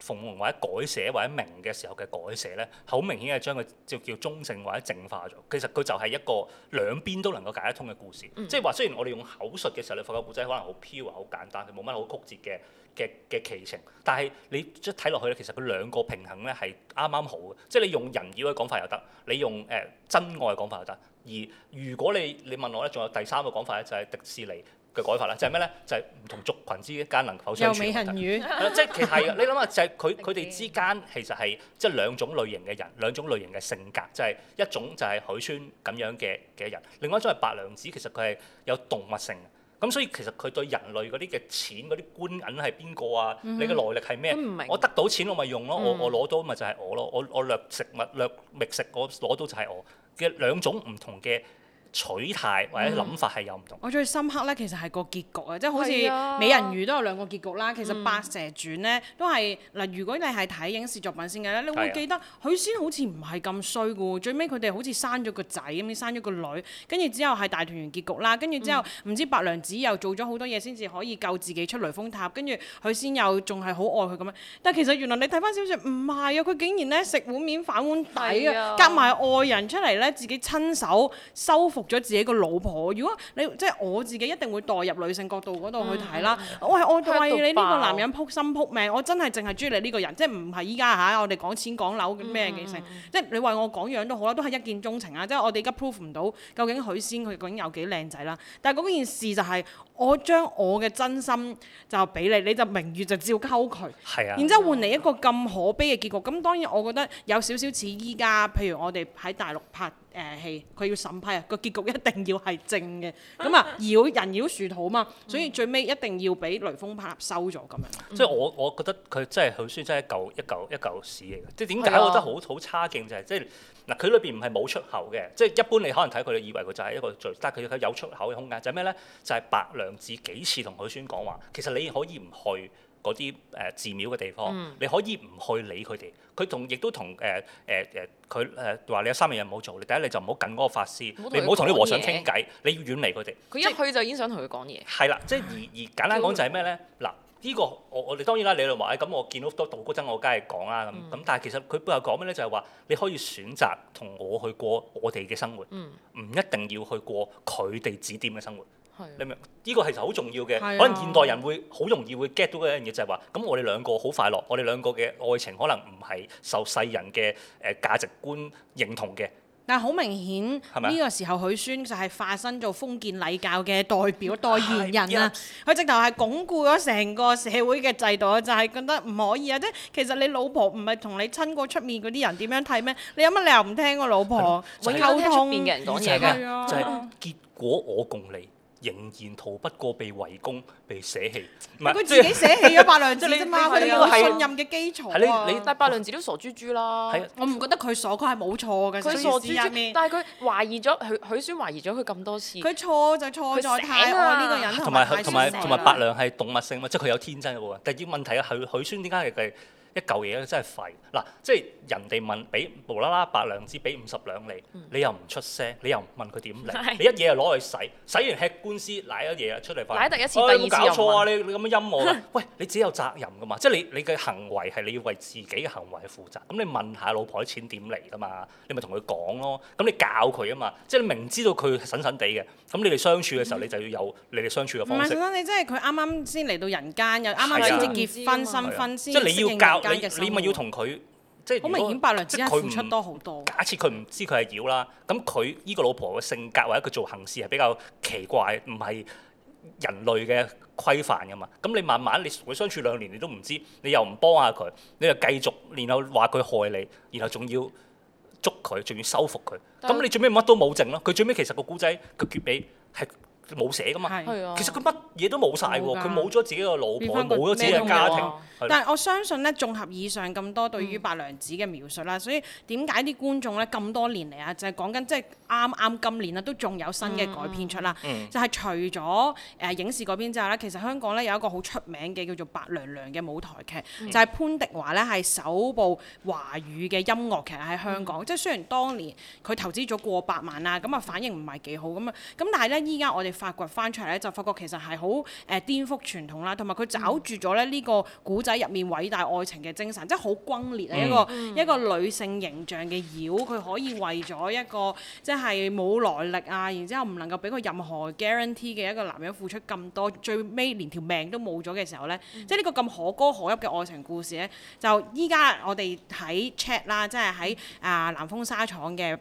馮夢龍或者改寫或者明嘅時候嘅改寫咧，好明顯係將佢就叫中性或者淨化咗。其實佢就係一個兩邊都能夠解得通嘅故事，即係話雖然我哋用口述嘅時候，你發覺古仔可能好飄啊，好簡單，佢冇乜好曲折嘅。嘅嘅奇情，但係你一睇落去咧，其實佢兩個平衡咧係啱啱好嘅，即係你用人妖嘅講法又得，你用誒、呃、真愛嘅講法又得。而如果你你問我咧，仲有第三個講法咧，就係、是、迪士尼嘅改法啦、嗯，就係咩咧？就係唔同族群之間能否相處？即係其啊！你諗下就係佢佢哋之間其實係即係兩種類型嘅人，兩種類型嘅性格，就係、是、一種就係許宣咁樣嘅嘅人，另外一種係白娘子，其實佢係有動物性。咁所以其實佢對人類嗰啲嘅錢嗰啲官銀係邊個啊？嗯、哼你嘅來歷係咩？我得到錢我咪用咯，我我攞到咪就係我咯，我我掠食物掠覓食物攞到就係我嘅兩種唔同嘅。取態或者諗法係有唔同、嗯。我最深刻咧，其實係個結局啊，即係好似《美人魚》都有兩個結局啦。其實《白蛇傳》咧都係嗱，如果你係睇影視作品先嘅咧，你會記得許仙好似唔係咁衰嘅喎。最尾佢哋好似生咗個仔，咁生咗個女，跟住之後係大團圓結局啦。跟住之後唔知白娘子又做咗好多嘢，先至可以救自己出雷峰塔。跟住許仙又仲係好愛佢咁樣。但係其實原來你睇翻小説唔係啊，佢竟然咧，食碗面反碗底啊，夾埋外人出嚟咧，自己親手收。服咗自己個老婆，如果你即係我自己，一定會代入女性角度嗰度去睇啦。嗯、我係我為你呢個男人撲心撲命，嗯、我真係淨係中意你呢個人，即係唔係依家嚇我哋講錢講樓咩嘅性？嗯、即係你為我講樣都好啦，都係一見鍾情啊！即係我哋而家 proof 唔到究竟許仙佢究竟有幾靚仔啦。但係嗰件事就係我將我嘅真心就俾你，你就明月就照溝佢，啊、然之後換嚟一個咁可悲嘅結局。咁、嗯、當然我覺得有少少似依家，譬如我哋喺大陸拍，誒戲，佢、嗯、要審批啊！個結局一定要係正嘅，咁啊， *laughs* 妖人妖樹土嘛，嗯、所以最尾一定要俾雷峰塔收咗咁樣。即係、嗯、我，我覺得佢真係許宣真係一嚿一嚿一嚿屎嚟嘅。即係點解我覺得好好差勁就係、是，即係嗱，佢裏邊唔係冇出口嘅。即係一般你可能睇佢，以為佢就係一個罪，但佢有出口嘅空間。就咩、是、咧？就係、是、白娘子幾次同許宣講話，其實你可以唔去嗰啲誒寺廟嘅地方，嗯、你可以唔去理佢哋。佢同亦都同誒誒誒，佢誒話你有三樣嘢唔好做。你第一，你就唔好近嗰個法師，跟你唔好同啲和尚傾偈，話你要遠離佢哋。佢一去就已經想同佢講嘢。係啦、就是，即係、 *laughs* 就是、而而簡單講就係咩咧？嗱，呢、這個我我哋當然啦，你哋話咁，哎、我見到多道高僧，我梗係講啦咁咁。嗯、但係其實佢背後講咩咧？就係、是、話你可以選擇同我去過我哋嘅生活，唔、嗯、一定要去過佢哋指點嘅生活。你明？呢、這個係其實好重要嘅，啊、可能現代人會好容易會 get 到一樣嘢，就係話咁我哋兩個好快樂，我哋兩個嘅愛情可能唔係受世人嘅誒、呃、價值觀認同嘅。但係好明顯，呢吧個時候許宣就係化身做封建禮教嘅代表代言人啦、啊。佢直頭係鞏固咗成個社會嘅制度，就係、是、覺得唔可以啊！即係其實你老婆唔係同你親過出面嗰啲人點樣睇咩？你有乜理由唔聽個、啊、老婆？永唔聽出面嘅人講嘢嘅？就係、是就是、結果我共你。 *music* 仍然逃不過被圍攻、被捨棄。唔係佢自己捨棄咗白娘啫嘛，佢哋要信任嘅基礎、啊、你，你但白娘自己都傻豬豬啦。啊、我唔覺得佢傻，佢係冇錯嘅。佢傻豬豬，但係佢懷疑咗許許宣懷疑咗佢咁多次。佢錯就錯在太愛呢個人。同埋同埋同埋白娘係動物性嘛，即係佢有天真嘅喎。第二問題係許許宣點解係佢？一嚿嘢真係廢，嗱、啊、即係人哋問俾無啦啦白娘子俾五十兩你，嗯、你又唔出聲，你又問佢點嚟？你一嘢又攞去洗，洗完吃官司，賴一嘢出嚟翻。第一次、哎，第二次又翻。哎、搞錯啊！你咁樣陰我，喂，你自己有責任噶嘛？即係你你嘅行為係你要為自己嘅行為負責。咁、啊、你問下老婆啲錢點嚟噶嘛？你咪同佢講咯。咁、啊啊、你教佢啊嘛？即係明知道佢神神地嘅，咁你哋相處嘅時候，你就要有你哋相處嘅方式。唔係、嗯嗯嗯嗯嗯嗯嗯嗯嗯，先生，你即係佢啱啱先嚟到人間，又啱啱先至結婚新婚，先適應即係你要教。你咪要同佢，即係好明顯，白娘子佢付出多好多。假設佢唔知佢係妖啦，咁佢依個老婆嘅性格或者佢做行事係比較奇怪，唔係人類嘅規範噶嘛。咁你慢慢你會相處兩年，你都唔知，你又唔幫下佢，你又你就繼續，然後話佢害你，然後仲要捉佢，仲要收服佢。咁對你最尾乜都冇剩咯。佢最尾其實個古仔佢結比。係。冇寫㗎嘛，的其實佢乜嘢都冇晒喎，佢冇咗自己個老婆，冇咗自己嘅家庭。的但係我相信咧，綜合以上咁多對於白娘子嘅描述啦，嗯、所以點解啲觀眾咧咁多年嚟啊，就係、是、講緊即係啱啱今年啦、啊，都仲有新嘅改編出啦。嗯、就係除咗誒影視改編之後咧，其實香港咧有一個好出名嘅叫做《白孃孃》嘅舞台劇，嗯、就係潘迪華咧係首部華語嘅音樂劇喺香港。即係、嗯、雖然當年佢投資咗過百萬啦，咁啊反應唔係幾好咁啊，咁但係咧依家我哋。發掘翻出嚟咧，就發覺其實係好誒顛覆傳統啦，同埋佢找住咗咧呢個古仔入面偉大愛情嘅精神，嗯、即係好轟烈嘅一個、嗯、一個女性形象嘅妖，佢可以為咗一個即係冇來歷啊，然之後唔能夠俾佢任何 guarantee 嘅一個男人付出咁多，最尾連條命都冇咗嘅時候咧，嗯、即係呢個咁可歌可泣嘅愛情故事咧，就依家我哋喺 chat 啦，即係喺啊南豐紗廠嘅。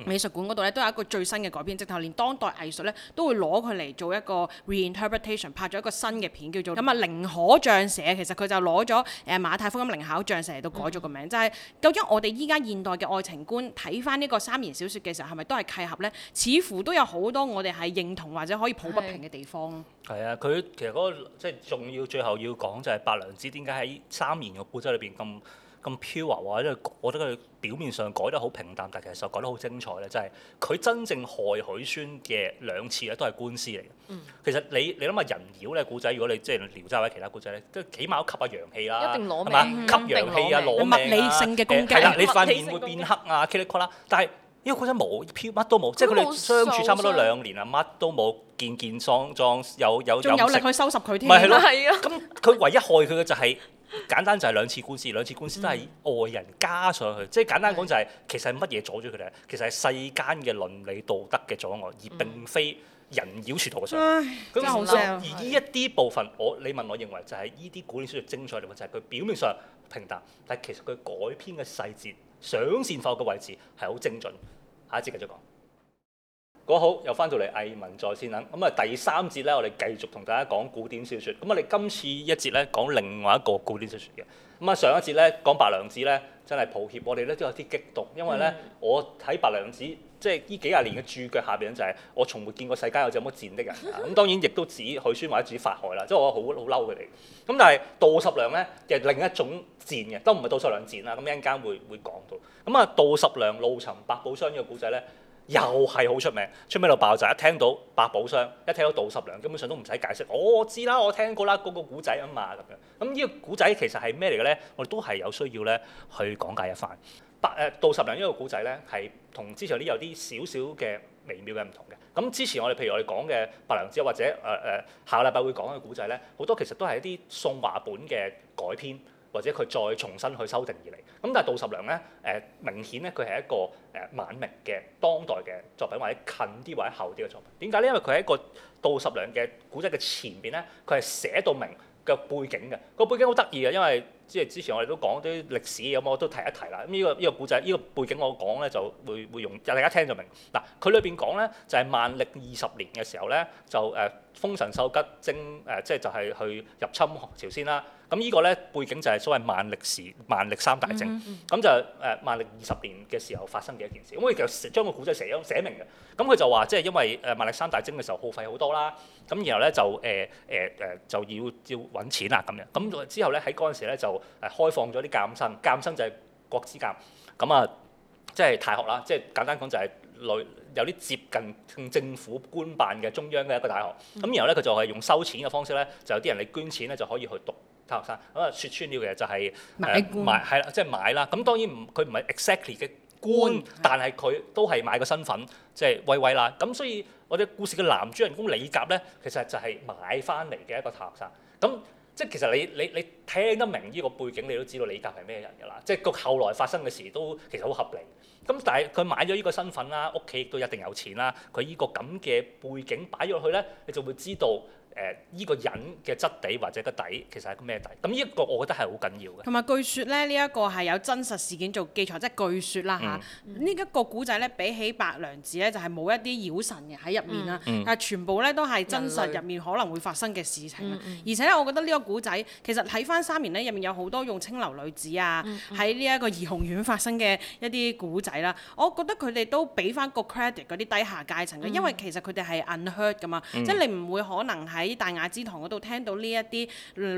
嗯、美術館嗰度咧都有一個最新嘅改編，即係連當代藝術咧都會攞佢嚟做一個 reinterpretation，拍咗一個新嘅片叫做《咁啊寧可像舍》，其實佢就攞咗誒馬太福音零考像舍嚟到改咗個名，嗯、就係、是、究竟我哋依家現代嘅愛情觀睇返呢個三言小説嘅時候，係咪都係契合呢？似乎都有好多我哋係認同或者可以抱不平嘅地方咯。係啊是，佢其實嗰、那個即係仲要，最後要講就係白娘子點解喺三言嘅故仔裏邊咁。咁漂浮啊！即係我覺得佢表面上改得好平淡，但係其實改得好精彩咧，就係佢真正害許宣嘅兩次咧，都係官司嚟嘅。其實你你諗下人妖咧，古仔如果你即係《聊齋》或者其他古仔咧，都起碼都吸下陽氣啦，係嘛？吸陽氣啊，攞命啦！物理性嘅攻擊，啦，你塊面會變黑啊，茄粒乾啦。但係呢個古仔冇乜都冇，即係佢哋相處差唔多兩年啊，乜都冇，健健壯壯有有，仲有力去收拾佢添啊！係啊！咁佢唯一害佢嘅就係。簡單就係兩次官司，兩次官司都係外人加上去，嗯、即係簡單講就係其實係乜嘢阻住佢哋？其實係世間嘅倫理道德嘅阻礙，而並非人妖殊途嘅嘢。咁啊好正，而呢一啲部分，我的你問我認為就係呢啲古典書嘅精彩地方，就係、是、佢表面上平淡，但係其實佢改編嘅細節、想線化嘅位置係好精準。下一節繼續講。好，又翻到嚟藝文在線等啦。咁、嗯、啊，第三節咧，我哋繼續同大家講古典小説。咁、嗯、我哋今次一節咧講另外一個古典小説嘅。咁、嗯、啊，上一節咧講白娘子咧，真係抱歉我呢，我哋咧都有啲激動，因為咧我睇白娘子即係呢幾廿年嘅注腳下邊、就是，就係我從沒見過世界有隻咁嘅賤的人。咁、啊嗯、當然亦都指許宣或者指法海啦。即係我好好嬲佢哋。咁、嗯、但係杜十娘咧，其實另一種賤嘅，都唔係杜十娘賤啦。咁一陣間會會講到。咁、嗯、啊，杜十娘怒沉百寶箱嘅故仔咧。又係好出名，出名到爆炸。一聽到百寶箱，一聽到杜十娘，根本上都唔使解釋，哦，我知啦，我聽過啦，嗰、那個古仔啊嘛咁樣。咁呢個古仔其實係咩嚟嘅呢？我哋都係有需要咧去講解一番。白誒杜十娘呢個古仔呢，係同之前啲有啲少少嘅微妙嘅唔同嘅。咁之前我哋譬如我哋講嘅白娘子，或者誒誒、呃、下禮拜會講嘅古仔呢，好多其實都係一啲宋話本嘅改編。或者佢再重新去修訂而嚟，咁但係杜十娘咧，誒、呃、明顯咧佢係一個誒晚明嘅當代嘅作品，或者近啲或者後啲嘅作品。點解咧？因為佢係一個杜十娘嘅古仔嘅前邊咧，佢係寫到明嘅背景嘅。個背景好得意嘅，因為即係之前我哋都講啲歷史咁，我都提一提啦。咁、嗯、呢、這個呢、這個古仔呢個背景我講咧就會會用，就大家聽就明。嗱，佢裏邊講咧就係、是、萬歷二十年嘅時候咧，就誒、呃、豐臣秀吉征誒、呃，即係就係去入侵朝鮮啦。咁呢個咧，背景就係所謂萬歷時萬歷三大征，咁、嗯嗯嗯、就誒、呃、萬歷二十年嘅時候發生嘅一件事。咁佢就將個古仔寫寫明嘅。咁佢就話即係因為誒、呃、萬歷三大征嘅時候耗費好多啦，咁然後咧就誒誒誒就要要揾錢啊咁樣。咁之後咧喺嗰陣時咧就開放咗啲監生，監生就係國子監，咁啊即係、就是、大學啦，即、就、係、是、簡單講就係類有啲接近政府官辦嘅中央嘅一個大學。咁、嗯、然後咧佢就係用收錢嘅方式咧，就有啲人嚟捐錢咧就可以去讀。太學生咁啊，説穿了嘅就係買官，係啦，即係買啦。咁當然唔，佢唔係 exactly 嘅官，但係佢都係買個身份，即係威威啦。咁、就是、所以我哋故事嘅男主人公李甲咧，其實就係買翻嚟嘅一個太學生。咁即係其實你你你聽得明呢個背景，你都知道李甲係咩人㗎啦。即係個後來發生嘅事都其實好合理。咁但係佢買咗呢個身份啦，屋企亦都一定有錢啦。佢呢個咁嘅背景擺咗落去咧，你就會知道。誒依、呃這個人嘅質地或者個底其實係個咩底？咁呢一個我覺得係好緊要嘅。同埋據說咧，呢、這、一個係有真實事件做基礎，即係據說啦嚇。嗯這個、呢一個古仔咧，比起《白娘子》咧，就係、是、冇一啲妖神嘅喺入面啦，但、嗯、全部咧都係真實入面可能會發生嘅事情。類而且咧，我覺得呢個古仔其實睇翻三年咧，入面有好多用青樓女子啊，喺呢一個怡紅院發生嘅一啲古仔啦。我覺得佢哋都俾翻個 credit 嗰啲低下階層嘅，因為其實佢哋係 unheard 噶嘛，嗯、即係你唔會可能係。喺大雅之堂嗰度聽到呢一啲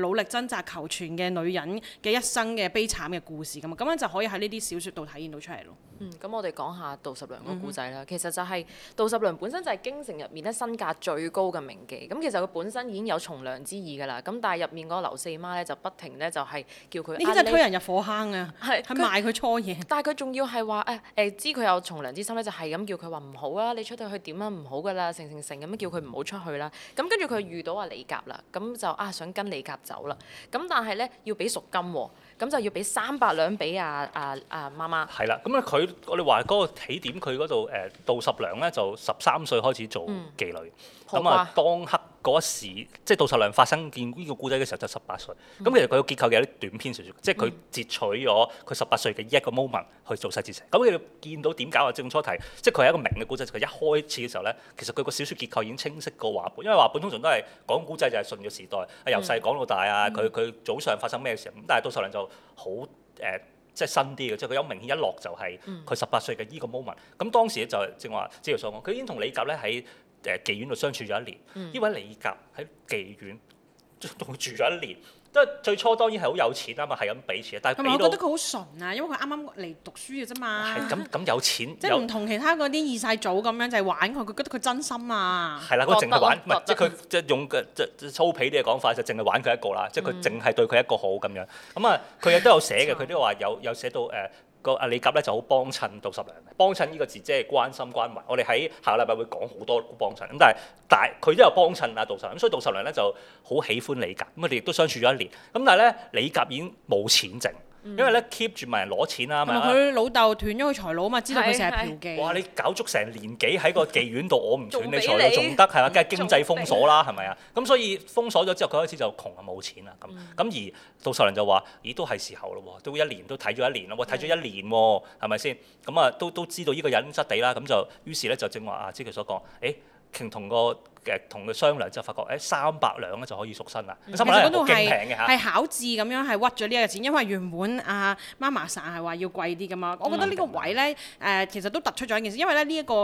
努力掙扎求全嘅女人嘅一生嘅悲慘嘅故事，咁咁樣就可以喺呢啲小説度體現到出嚟咯。嗯，咁我哋講下杜十娘個故仔啦、嗯就係。其實就係杜十娘本身就係京城入面咧，身價最高嘅名妓。咁其實佢本身已經有從良之意噶啦。咁但係入面嗰個劉四媽咧就不停咧，就係叫佢，呢啲真係推人入火坑啊！係係是賣佢錯嘢他。但係佢仲要係話誒誒知佢有從良之心咧，就係咁叫佢話唔好啊！你出到去點樣唔好噶啦？成成成咁樣叫佢唔好出去啦。咁跟住佢。遇到啊李甲啦，咁就啊想跟李甲走啦，咁但係呢，要俾贖金喎，哦。咁就要俾三百兩俾阿阿阿媽媽。係啦，咁咧佢我哋話嗰個起點，佢嗰度誒杜十娘咧就十三歲開始做妓女。好啱。咁啊，當刻嗰一時，即係杜十娘發生見呢個故仔嘅時候，就十八歲。咁其實佢個結構嘅有啲短篇小說，即係佢截取咗佢十八歲嘅一個 moment 去做細節寫。咁你見到點解我正初題，即係佢係一個明嘅故仔，就係一開始嘅時候咧，其實佢個小說結構已經清晰過話本，因為話本通常都係講故仔就係順嘅時代，係由細講到大啊，佢佢早上發生咩事。咁但係杜十娘就好誒、呃，即係新啲嘅，即係佢有明顯一落就係佢十八歲嘅依個 moment。咁、嗯、當時咧就係正話即如所講，佢已經同李甲咧喺誒妓院度相處咗一年。呢位、嗯、李甲喺妓院同佢住咗一年。即係最初當然係好有錢啊嘛，係咁俾錢，但係佢咪我覺得佢好純啊，因為佢啱啱嚟讀書嘅啫嘛。係咁咁有錢，即係唔同其他嗰啲二世祖咁樣就係、是、玩佢，佢覺得佢真心啊。係啦，佢淨係玩，唔係即係佢即係用嘅即粗鄙啲嘅講法就淨係玩佢一個啦。即係佢淨係對佢一個好咁樣。咁、嗯、啊，佢亦都有寫嘅，佢都話有有寫到誒。呃阿李甲咧就好幫襯杜十娘，幫襯呢個字即係關心關懷。我哋喺下禮拜會講好多幫襯咁，但係但係佢都有幫襯阿杜十娘，咁所以杜十娘咧就好喜歡李甲。咁我哋亦都相處咗一年。咁但係咧，李甲已經冇錢剩。因為咧 keep 住問人攞錢啦嘛，佢、啊、老豆斷咗佢財路啊嘛，知道佢成日嫖妓。是是是哇！你搞足成年幾喺個妓院度，我唔斷你財路仲得係啊？梗係 *laughs* 給你 經濟封鎖啦，係咪啊？咁所以封鎖咗之後，佢開始就窮啊冇錢啊咁。咁、嗯、而杜十娘就話：咦，都係時候咯，都一年都睇咗一年咯，我睇咗一年喎、哦，係咪先？咁、嗯、啊，都都知道呢個人質地啦，咁就於是咧就正話阿知佢所講，誒。同個誒同佢商量之後，發覺三百兩咧就可以贖身啦。三百兩勁平嘅嚇。係、嗯、考字咁樣係屈咗呢一個錢，因為原本啊媽麻散係話要貴啲噶嘛。我覺得呢個位咧誒、呃、其實都突出咗一件事，因為咧呢、這個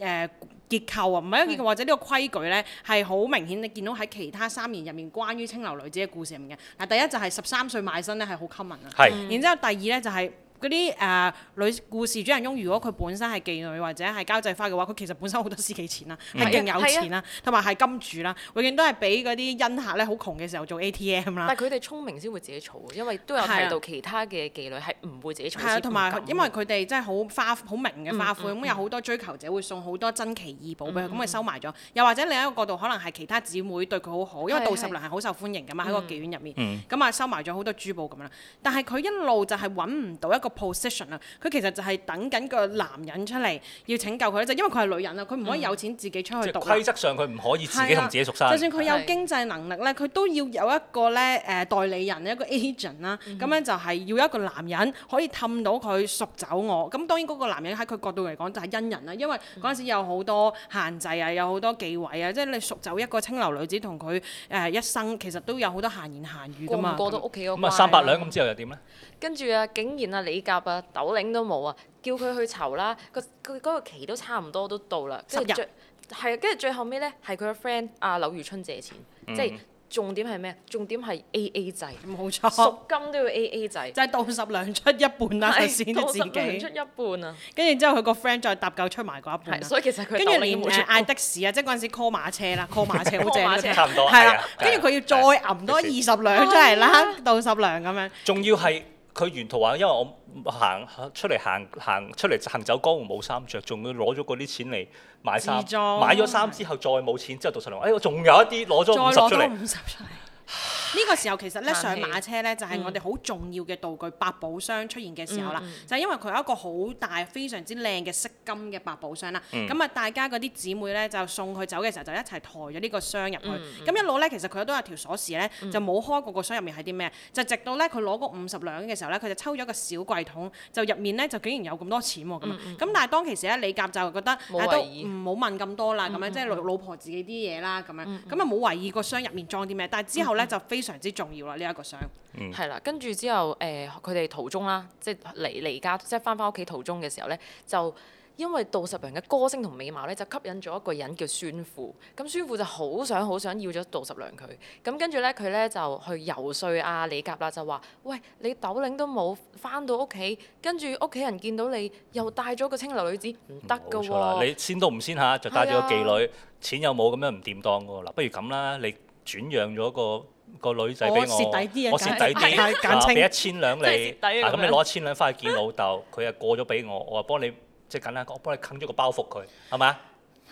呃、一個誒結構啊，唔係一個結構，或者呢個規矩咧係好明顯，你見到喺其他三言入面關於青樓女子嘅故事入面嘅。嗱，第一就係十三歲賣身咧係好 common 啊。係是。然之後第二咧就係、是。嗰啲誒女故事主人翁，如果佢本身係妓女或者係交際花嘅話，佢其實本身好多私己錢啦、啊，係、嗯，勁有錢啦、啊，同埋係金主啦、啊，永遠都係俾嗰啲恩客咧好窮嘅時候做 ATM 啦、啊。但係佢哋聰明先會自己儲嘅，因為都有提到其他嘅妓女係唔會自己儲錢。係啊，同埋因為佢哋真係好花好明嘅花魁，咁、嗯嗯、有好多追求者會送好多珍奇異寶俾佢，咁佢收埋咗。又或者另一個角度，可能係其他姊妹對佢好好，因為杜十娘係好受歡迎㗎嘛，喺、啊、個妓院入面，咁啊收埋咗好多珠寶咁樣，啦。但係佢一路就係揾唔到一個。position 啊，佢其實就係等緊個男人出嚟要拯救佢咧，就因為佢係女人啊，佢唔可以有錢自己出去贖。即係、嗯就是、規則上佢唔可以自己同自己贖身、啊。就算佢有經濟能力咧，佢是都要有一個咧誒代理人一個 agent 啦。咁咧、嗯、就係要一個男人可以氹到佢贖走我。咁當然嗰個男人喺佢角度嚟講就係恩人啦，因為嗰陣時有好多限制啊，有好多忌諱啊，即、就、係、是、你贖走一個青樓女子同佢誒一生，其實都有好多閒言閒語噶嘛，過到屋企個關。三百兩咁之後又點咧？跟住啊，竟然啊你。夾啊，斗零都冇啊，叫佢去籌啦。個佢嗰個期都差唔多都到啦，即係最係啊。跟住最後尾咧，係佢個 friend 阿柳如春借錢，即係重點係咩？重點係 A A 制，冇錯，贖金都要 A A 制，即係到十兩出一半啦，就先得自己。出一半啊！跟住之後佢個 friend 再搭夠出埋嗰一半。所以其實佢救命冇錯。嗌的士啊，即係嗰陣時 call 馬車啦，call 馬車好正，差唔多係啦。跟住佢要再揞多二十兩出嚟啦，到十兩咁樣。仲要係。佢沿途話，因為我行出嚟行行出嚟行走江湖冇衫着，仲要攞咗嗰啲錢嚟買衫，啊、買咗衫之後再冇錢之後，杜十娘話，哎，我仲有一啲攞咗五十出嚟。呢個時候其實咧上馬車咧就係我哋好重要嘅道具百寶、嗯、箱出現嘅時候啦，嗯嗯、就係因為佢有一個好大非常之靚嘅色金嘅百寶箱啦，咁啊、嗯、大家嗰啲姊妹咧就送佢走嘅時候就一齊抬咗呢個箱入去，咁、嗯、一攞咧其實佢都有條鎖匙咧就冇開過個箱入面係啲咩，就直到咧佢攞嗰五十兩嘅時候咧佢就抽咗個小櫃桶，就入面咧就竟然有咁多錢喎，咁咁、嗯嗯、但係當其時咧李甲就覺得，都唔好問咁多啦，咁樣、嗯、即係老婆自己啲嘢啦，咁、嗯、樣咁啊冇懷疑個箱入面裝啲咩，但係之後。咧、嗯、就非常之重要啦！呢、這、一個相系啦，跟住之後，誒、呃，佢哋途中啦，即係離離家，即係翻返屋企途中嘅時候咧，就因為杜十娘嘅歌聲同美貌咧，就吸引咗一個人叫孫富。咁孫富就好想好想要咗杜十娘佢。咁跟住咧，佢咧就去游說阿、啊、李甲啦，就話：，喂，你斗零都冇，翻到屋企，跟住屋企人見到你，又帶咗個青樓女子，唔得噶。你先都唔先下就帶咗個妓女，的錢又冇，咁樣唔掂當㗎喎。嗱，不如咁啦，你。轉讓咗個個女仔俾我，蝕底啲啊！太奸清，俾、啊、一千兩你，咁、 *laughs* 啊啊、你攞一千兩翻去見老豆，佢又 *laughs* 過咗俾我，我、就是，我幫你即係簡單講，我幫你坑咗個包袱佢，係咪、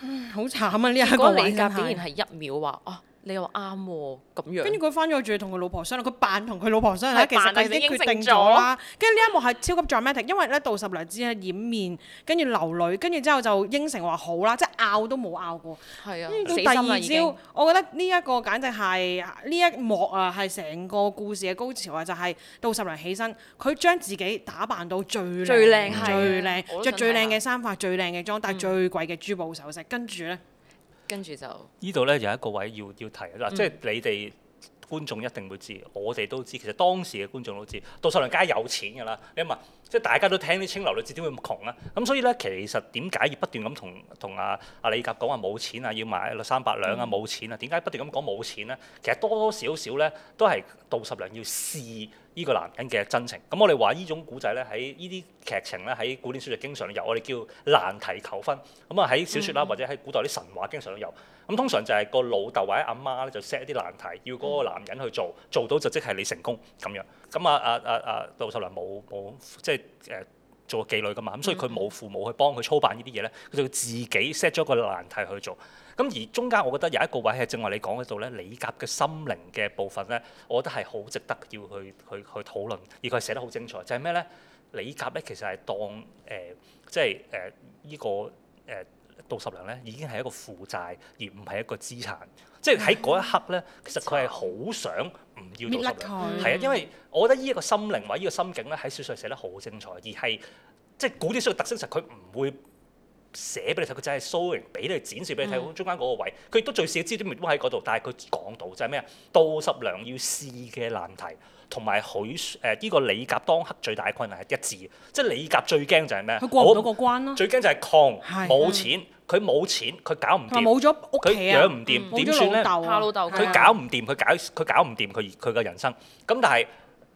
嗯、啊？好慘啊！呢一個李甲竟然係一秒話哦。你又啱喎、哦，咁樣。跟住佢翻咗去，仲要同佢老婆商量，佢扮同佢老婆商量，對其實你已決定咗啦。跟住呢一幕係超級 dramatic， *laughs* 因為咧杜十娘之啊掩面，跟住流淚，跟住之後就應承話好啦，即係拗都冇拗過。係啊對，到第二朝死心啦已經。我覺得呢一個簡直係呢一幕啊，係成個故事嘅高潮啊，就係、是、杜十娘起身，佢將自己打扮到最靚的、最靚、最靚，著最靚嘅衫化最靚嘅妝，戴最貴嘅珠寶首飾，嗯、跟住咧。跟住就，呢度咧有一個位要要提嗱，即係你哋觀眾一定會知，嗯、我哋都知，其實當時嘅觀眾都知，杜十娘梗係有錢㗎啦。你諗下，即係大家都聽啲清流女節，你點會咁窮啊？咁所以咧，其實點解要不斷咁同同阿阿李甲講話冇錢啊？要買三百兩啊，冇錢啊？點解不斷咁講冇錢咧？其實多多少少咧，都係杜十娘要試。呢個男人嘅真情，咁我哋話呢種古仔呢，喺呢啲劇情呢，喺古典小説就經常有，我哋叫難題求婚。咁啊喺小説啦，或者喺古代啲神話經常都有。咁通常就係個老豆或者阿媽呢，就 set 一啲難題，要嗰個男人去做，做到就即係你成功咁樣。咁啊啊啊啊，杜十娘冇冇即係、呃做個妓女噶嘛，咁所以佢冇父母去幫佢操辦呢啲嘢咧，佢就要自己 set 咗個難題去做。咁而中間我覺得有一個位係正話你講嗰度咧，李甲嘅心靈嘅部分咧，我覺得係好值得要去去去，去討論，而佢寫得好精彩就係咩咧？李甲咧其實係當誒即係誒呢個誒、呃、杜十娘咧，已經係一個負債，而唔係一個資產，即係喺嗰一刻咧，其實佢係好想。唔要跌落係啊，因為我覺得呢一個心靈或者呢個心境咧，喺小說上寫得好精彩，而係即係古典書嘅特色，其實佢唔會。寫俾你睇，佢就係 sorry，俾你展示俾你睇，中間嗰個位，佢亦都最少知啲咩喎喺嗰度，但係佢講到就係咩啊？杜十娘要試嘅難題，同埋許誒呢個李甲當刻最大嘅困難係一致嘅，即係李甲最驚就係咩？佢過唔到個關咯，啊。最驚就係窮，冇錢，佢冇錢，佢搞唔掂。冇咗屋企啊！養唔掂，點算呢？冇咗老豆啊！佢搞唔掂，佢搞佢搞唔掂佢佢嘅人生。咁但係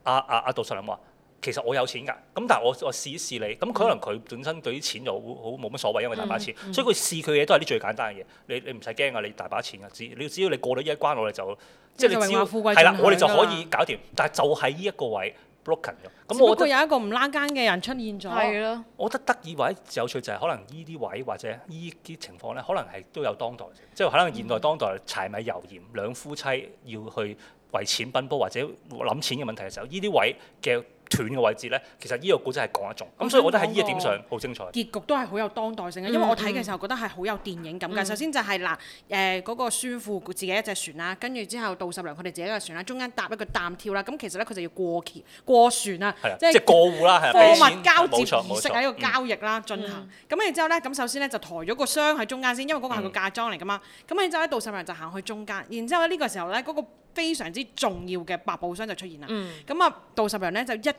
阿阿阿杜十娘話。其實我有錢㗎，咁但係我我試一試你，咁佢、嗯、可能佢本身對啲錢就好冇乜所謂，因為大把錢，嗯、所以佢試佢嘢都係啲最簡單嘅嘢。你你唔使驚㗎，你大把錢㗎，只你只要你過到呢一關，我哋就即係你只要富貴，係啦，我哋就可以搞掂。嗯、但係就喺呢一個位 broken 咁。咁只 了我覺得不過有一個唔拉更嘅人出現咗。係咯的，我覺得得意或者有趣就係可能呢啲位或者呢啲情況咧，可能係都有當代，嗯、即係可能現代當代柴米油鹽兩夫妻要去為錢奔波或者諗錢嘅問題嘅時候，呢啲位嘅。斷嘅位置咧，其實呢個故事係講一種咁，所以我覺得喺呢一點上好精彩。結局都係好有當代性嘅，因為我睇嘅時候覺得係好有電影感嘅。首先就係嗱，誒嗰個孫富自己一隻船啦，跟住之後杜十娘佢哋自己一隻船啦，中間搭一個擔挑啦，咁其實咧佢就要過橋、過船啦，即係過戶啦，係貨物交接儀式喺個交易啦進行。咁然之後咧，咁首先咧就抬咗個箱喺中間先，因為嗰個係個嫁妝嚟㗎嘛。咁然之後咧，杜十娘就行去中間，然之後呢個時候咧，嗰個非常之重要嘅百寶箱就出現啦。咁啊，杜十娘咧就一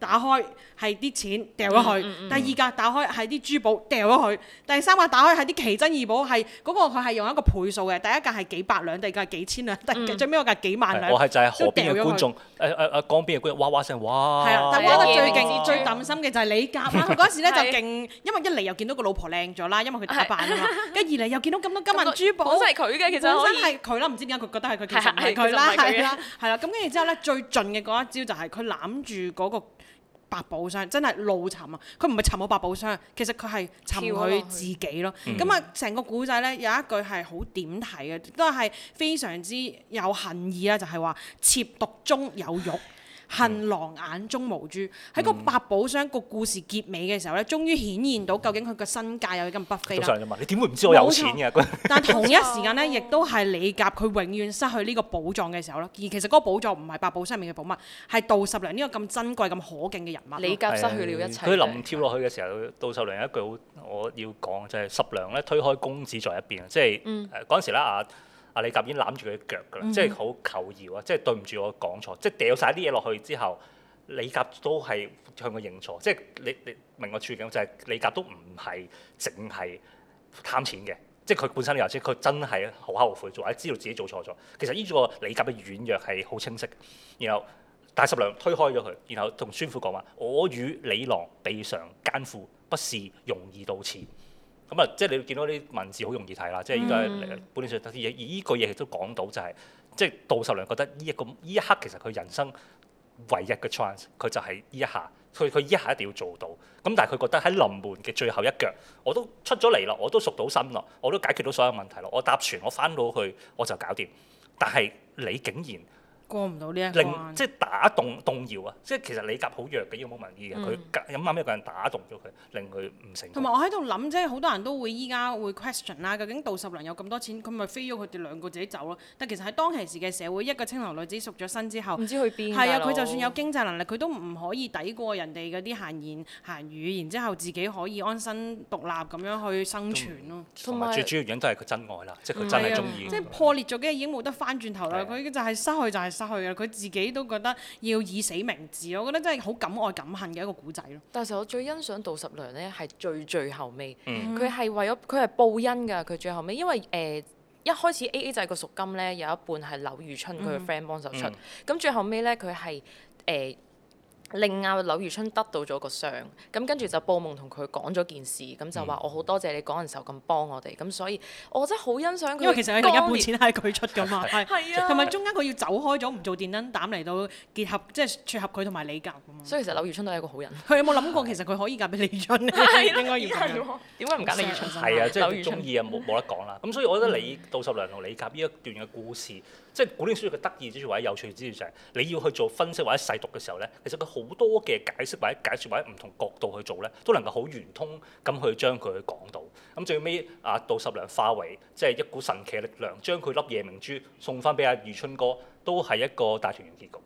打開係啲錢掉咗去，第二格打開係啲珠寶掉咗去，第三格打開係啲奇珍異寶，係嗰個佢係用一個倍數嘅，第一格係幾百兩，第二格係幾千兩，最尾嗰格幾萬兩。我係就係河邊嘅觀眾，誒誒誒江邊嘅觀眾，哇哇聲，哇！係啊，但係哇得最勁、最抌心嘅就係李甲啦！佢嗰時咧就勁，因為一嚟又見到個老婆靚咗啦，因為佢打扮啦，跟二嚟又見到咁多金銀珠寶，本身係佢嘅，其實本身係佢啦，唔知點解佢覺得係佢，其實唔係佢啦，係啦，係啦，咁跟住之後咧最盡嘅嗰一招就係佢攬住嗰個。百寶箱真係怒沉啊！佢唔係沉個百寶箱，其實佢係沉佢自己咯。咁啊，成、嗯、個古仔咧有一句係好點題嘅，都係非常之有恨意啦，就係話妾櫝中有玉。 *laughs* 恨狼眼中無珠，喺個百寶箱個故事結尾嘅時候咧，終於顯現到究竟佢個身價有幾咁不菲啦、啊。冇錯，你點會唔知我有錢嘅？但同一時間咧，亦都係李甲佢永遠失去呢個寶藏嘅時候咯。而其實嗰個寶藏唔係百寶箱入面嘅寶物，係杜十娘呢個咁珍貴、咁可敬嘅人物。李甲失去了一切。佢臨跳落去嘅時候，杜十娘有一句我要講，就係、是、十娘咧推開公子在一邊，即係誒嗰陣時咧啊。就是嗯阿李甲已經攬住佢嘅腳㗎啦、嗯哼，即係好求饒啊！即係對唔住我講錯，即係掉晒啲嘢落去之後，李甲都係向佢認錯。即係你你明我處境就係、是、李甲都唔係淨係貪錢嘅，即係佢本身有錢、就是，佢真係好後悔做，或者知道自己做錯咗。其實呢個李甲嘅軟弱係好清晰。然後杜十娘推開咗佢，然後同孫富講話：我與李郎備嘗艱苦，不是容易到此。咁啊、嗯，即係你會見到啲文字好容易睇啦，即係依家本點水都嘢，而依句嘢亦都講到就係，即係杜十娘覺得呢一個依一刻其實佢人生唯一嘅 chance，佢就係依一下，佢佢依一下一定要做到。咁但係佢覺得喺臨門嘅最後一腳，我都出咗嚟啦，我都熟到心啦，我都解決到所有問題啦，我搭船我翻到去我就搞掂。但係你竟然～過唔到呢一關，即係打動動搖啊！即係其實李甲好弱嘅，要冇民意嘅、啊，佢咁啱一個人打動咗佢，令佢唔成。同埋我喺度諗，即係好多人都會依家會 question 啦、啊。究竟杜十娘有咁多錢，佢咪飛喐佢哋兩個自己走咯、啊？但其實喺當其時嘅社會，一個青樓女子贖咗身之後，唔知去邊？係啊，佢、啊、就算有經濟能力，佢都唔可以抵過人哋嗰啲閒言閒語，然之後自己可以安身獨立咁樣去生存咯、啊。同埋最主要原因都係佢真愛啦，即係佢真係中意。嗯嗯嗯、即係破裂咗嘅已經冇得返轉頭啦。佢、嗯嗯嗯、就係失去就係、是。失去啊！佢自己都覺得要以死明志，我覺得真係好敢愛敢恨嘅一個古仔咯。但係我最欣賞杜十娘咧，係最最後尾，佢係、嗯、為咗佢係報恩㗎。佢最後尾，因為誒、呃、一開始 A A 制個贖金咧，有一半係柳如春佢嘅 friend 幫手出，咁、嗯、最後尾咧佢係誒。令啊柳如春得到咗個箱，咁跟住就報夢同佢講咗件事，咁就話我好多謝你嗰時候咁幫我哋，咁所以我真係好欣賞佢。因為其實佢一半錢係佢出㗎嘛，係啊，同埋中間佢要走開咗，唔做電燈膽嚟到結合，即係撮合佢同埋李甲。家。所以其實柳如春都係一個好人。佢有冇諗過其實佢可以嫁俾李春？應該要點解唔嫁李如春？係啊，即係中意啊，冇冇得講啦。咁所以我覺得李杜十娘同李甲呢一段嘅故事。即係古典書嘅得意之處或者有趣之處就係，你要去做分析或者細讀嘅時候咧，其實佢好多嘅解釋或者解説或者唔同角度去做咧，都能夠好圓通咁去將佢講到。咁、嗯、最尾啊，杜十娘化為即係一股神奇嘅力量，將佢粒夜明珠送翻俾阿遇春哥，都係一個大團圓結局。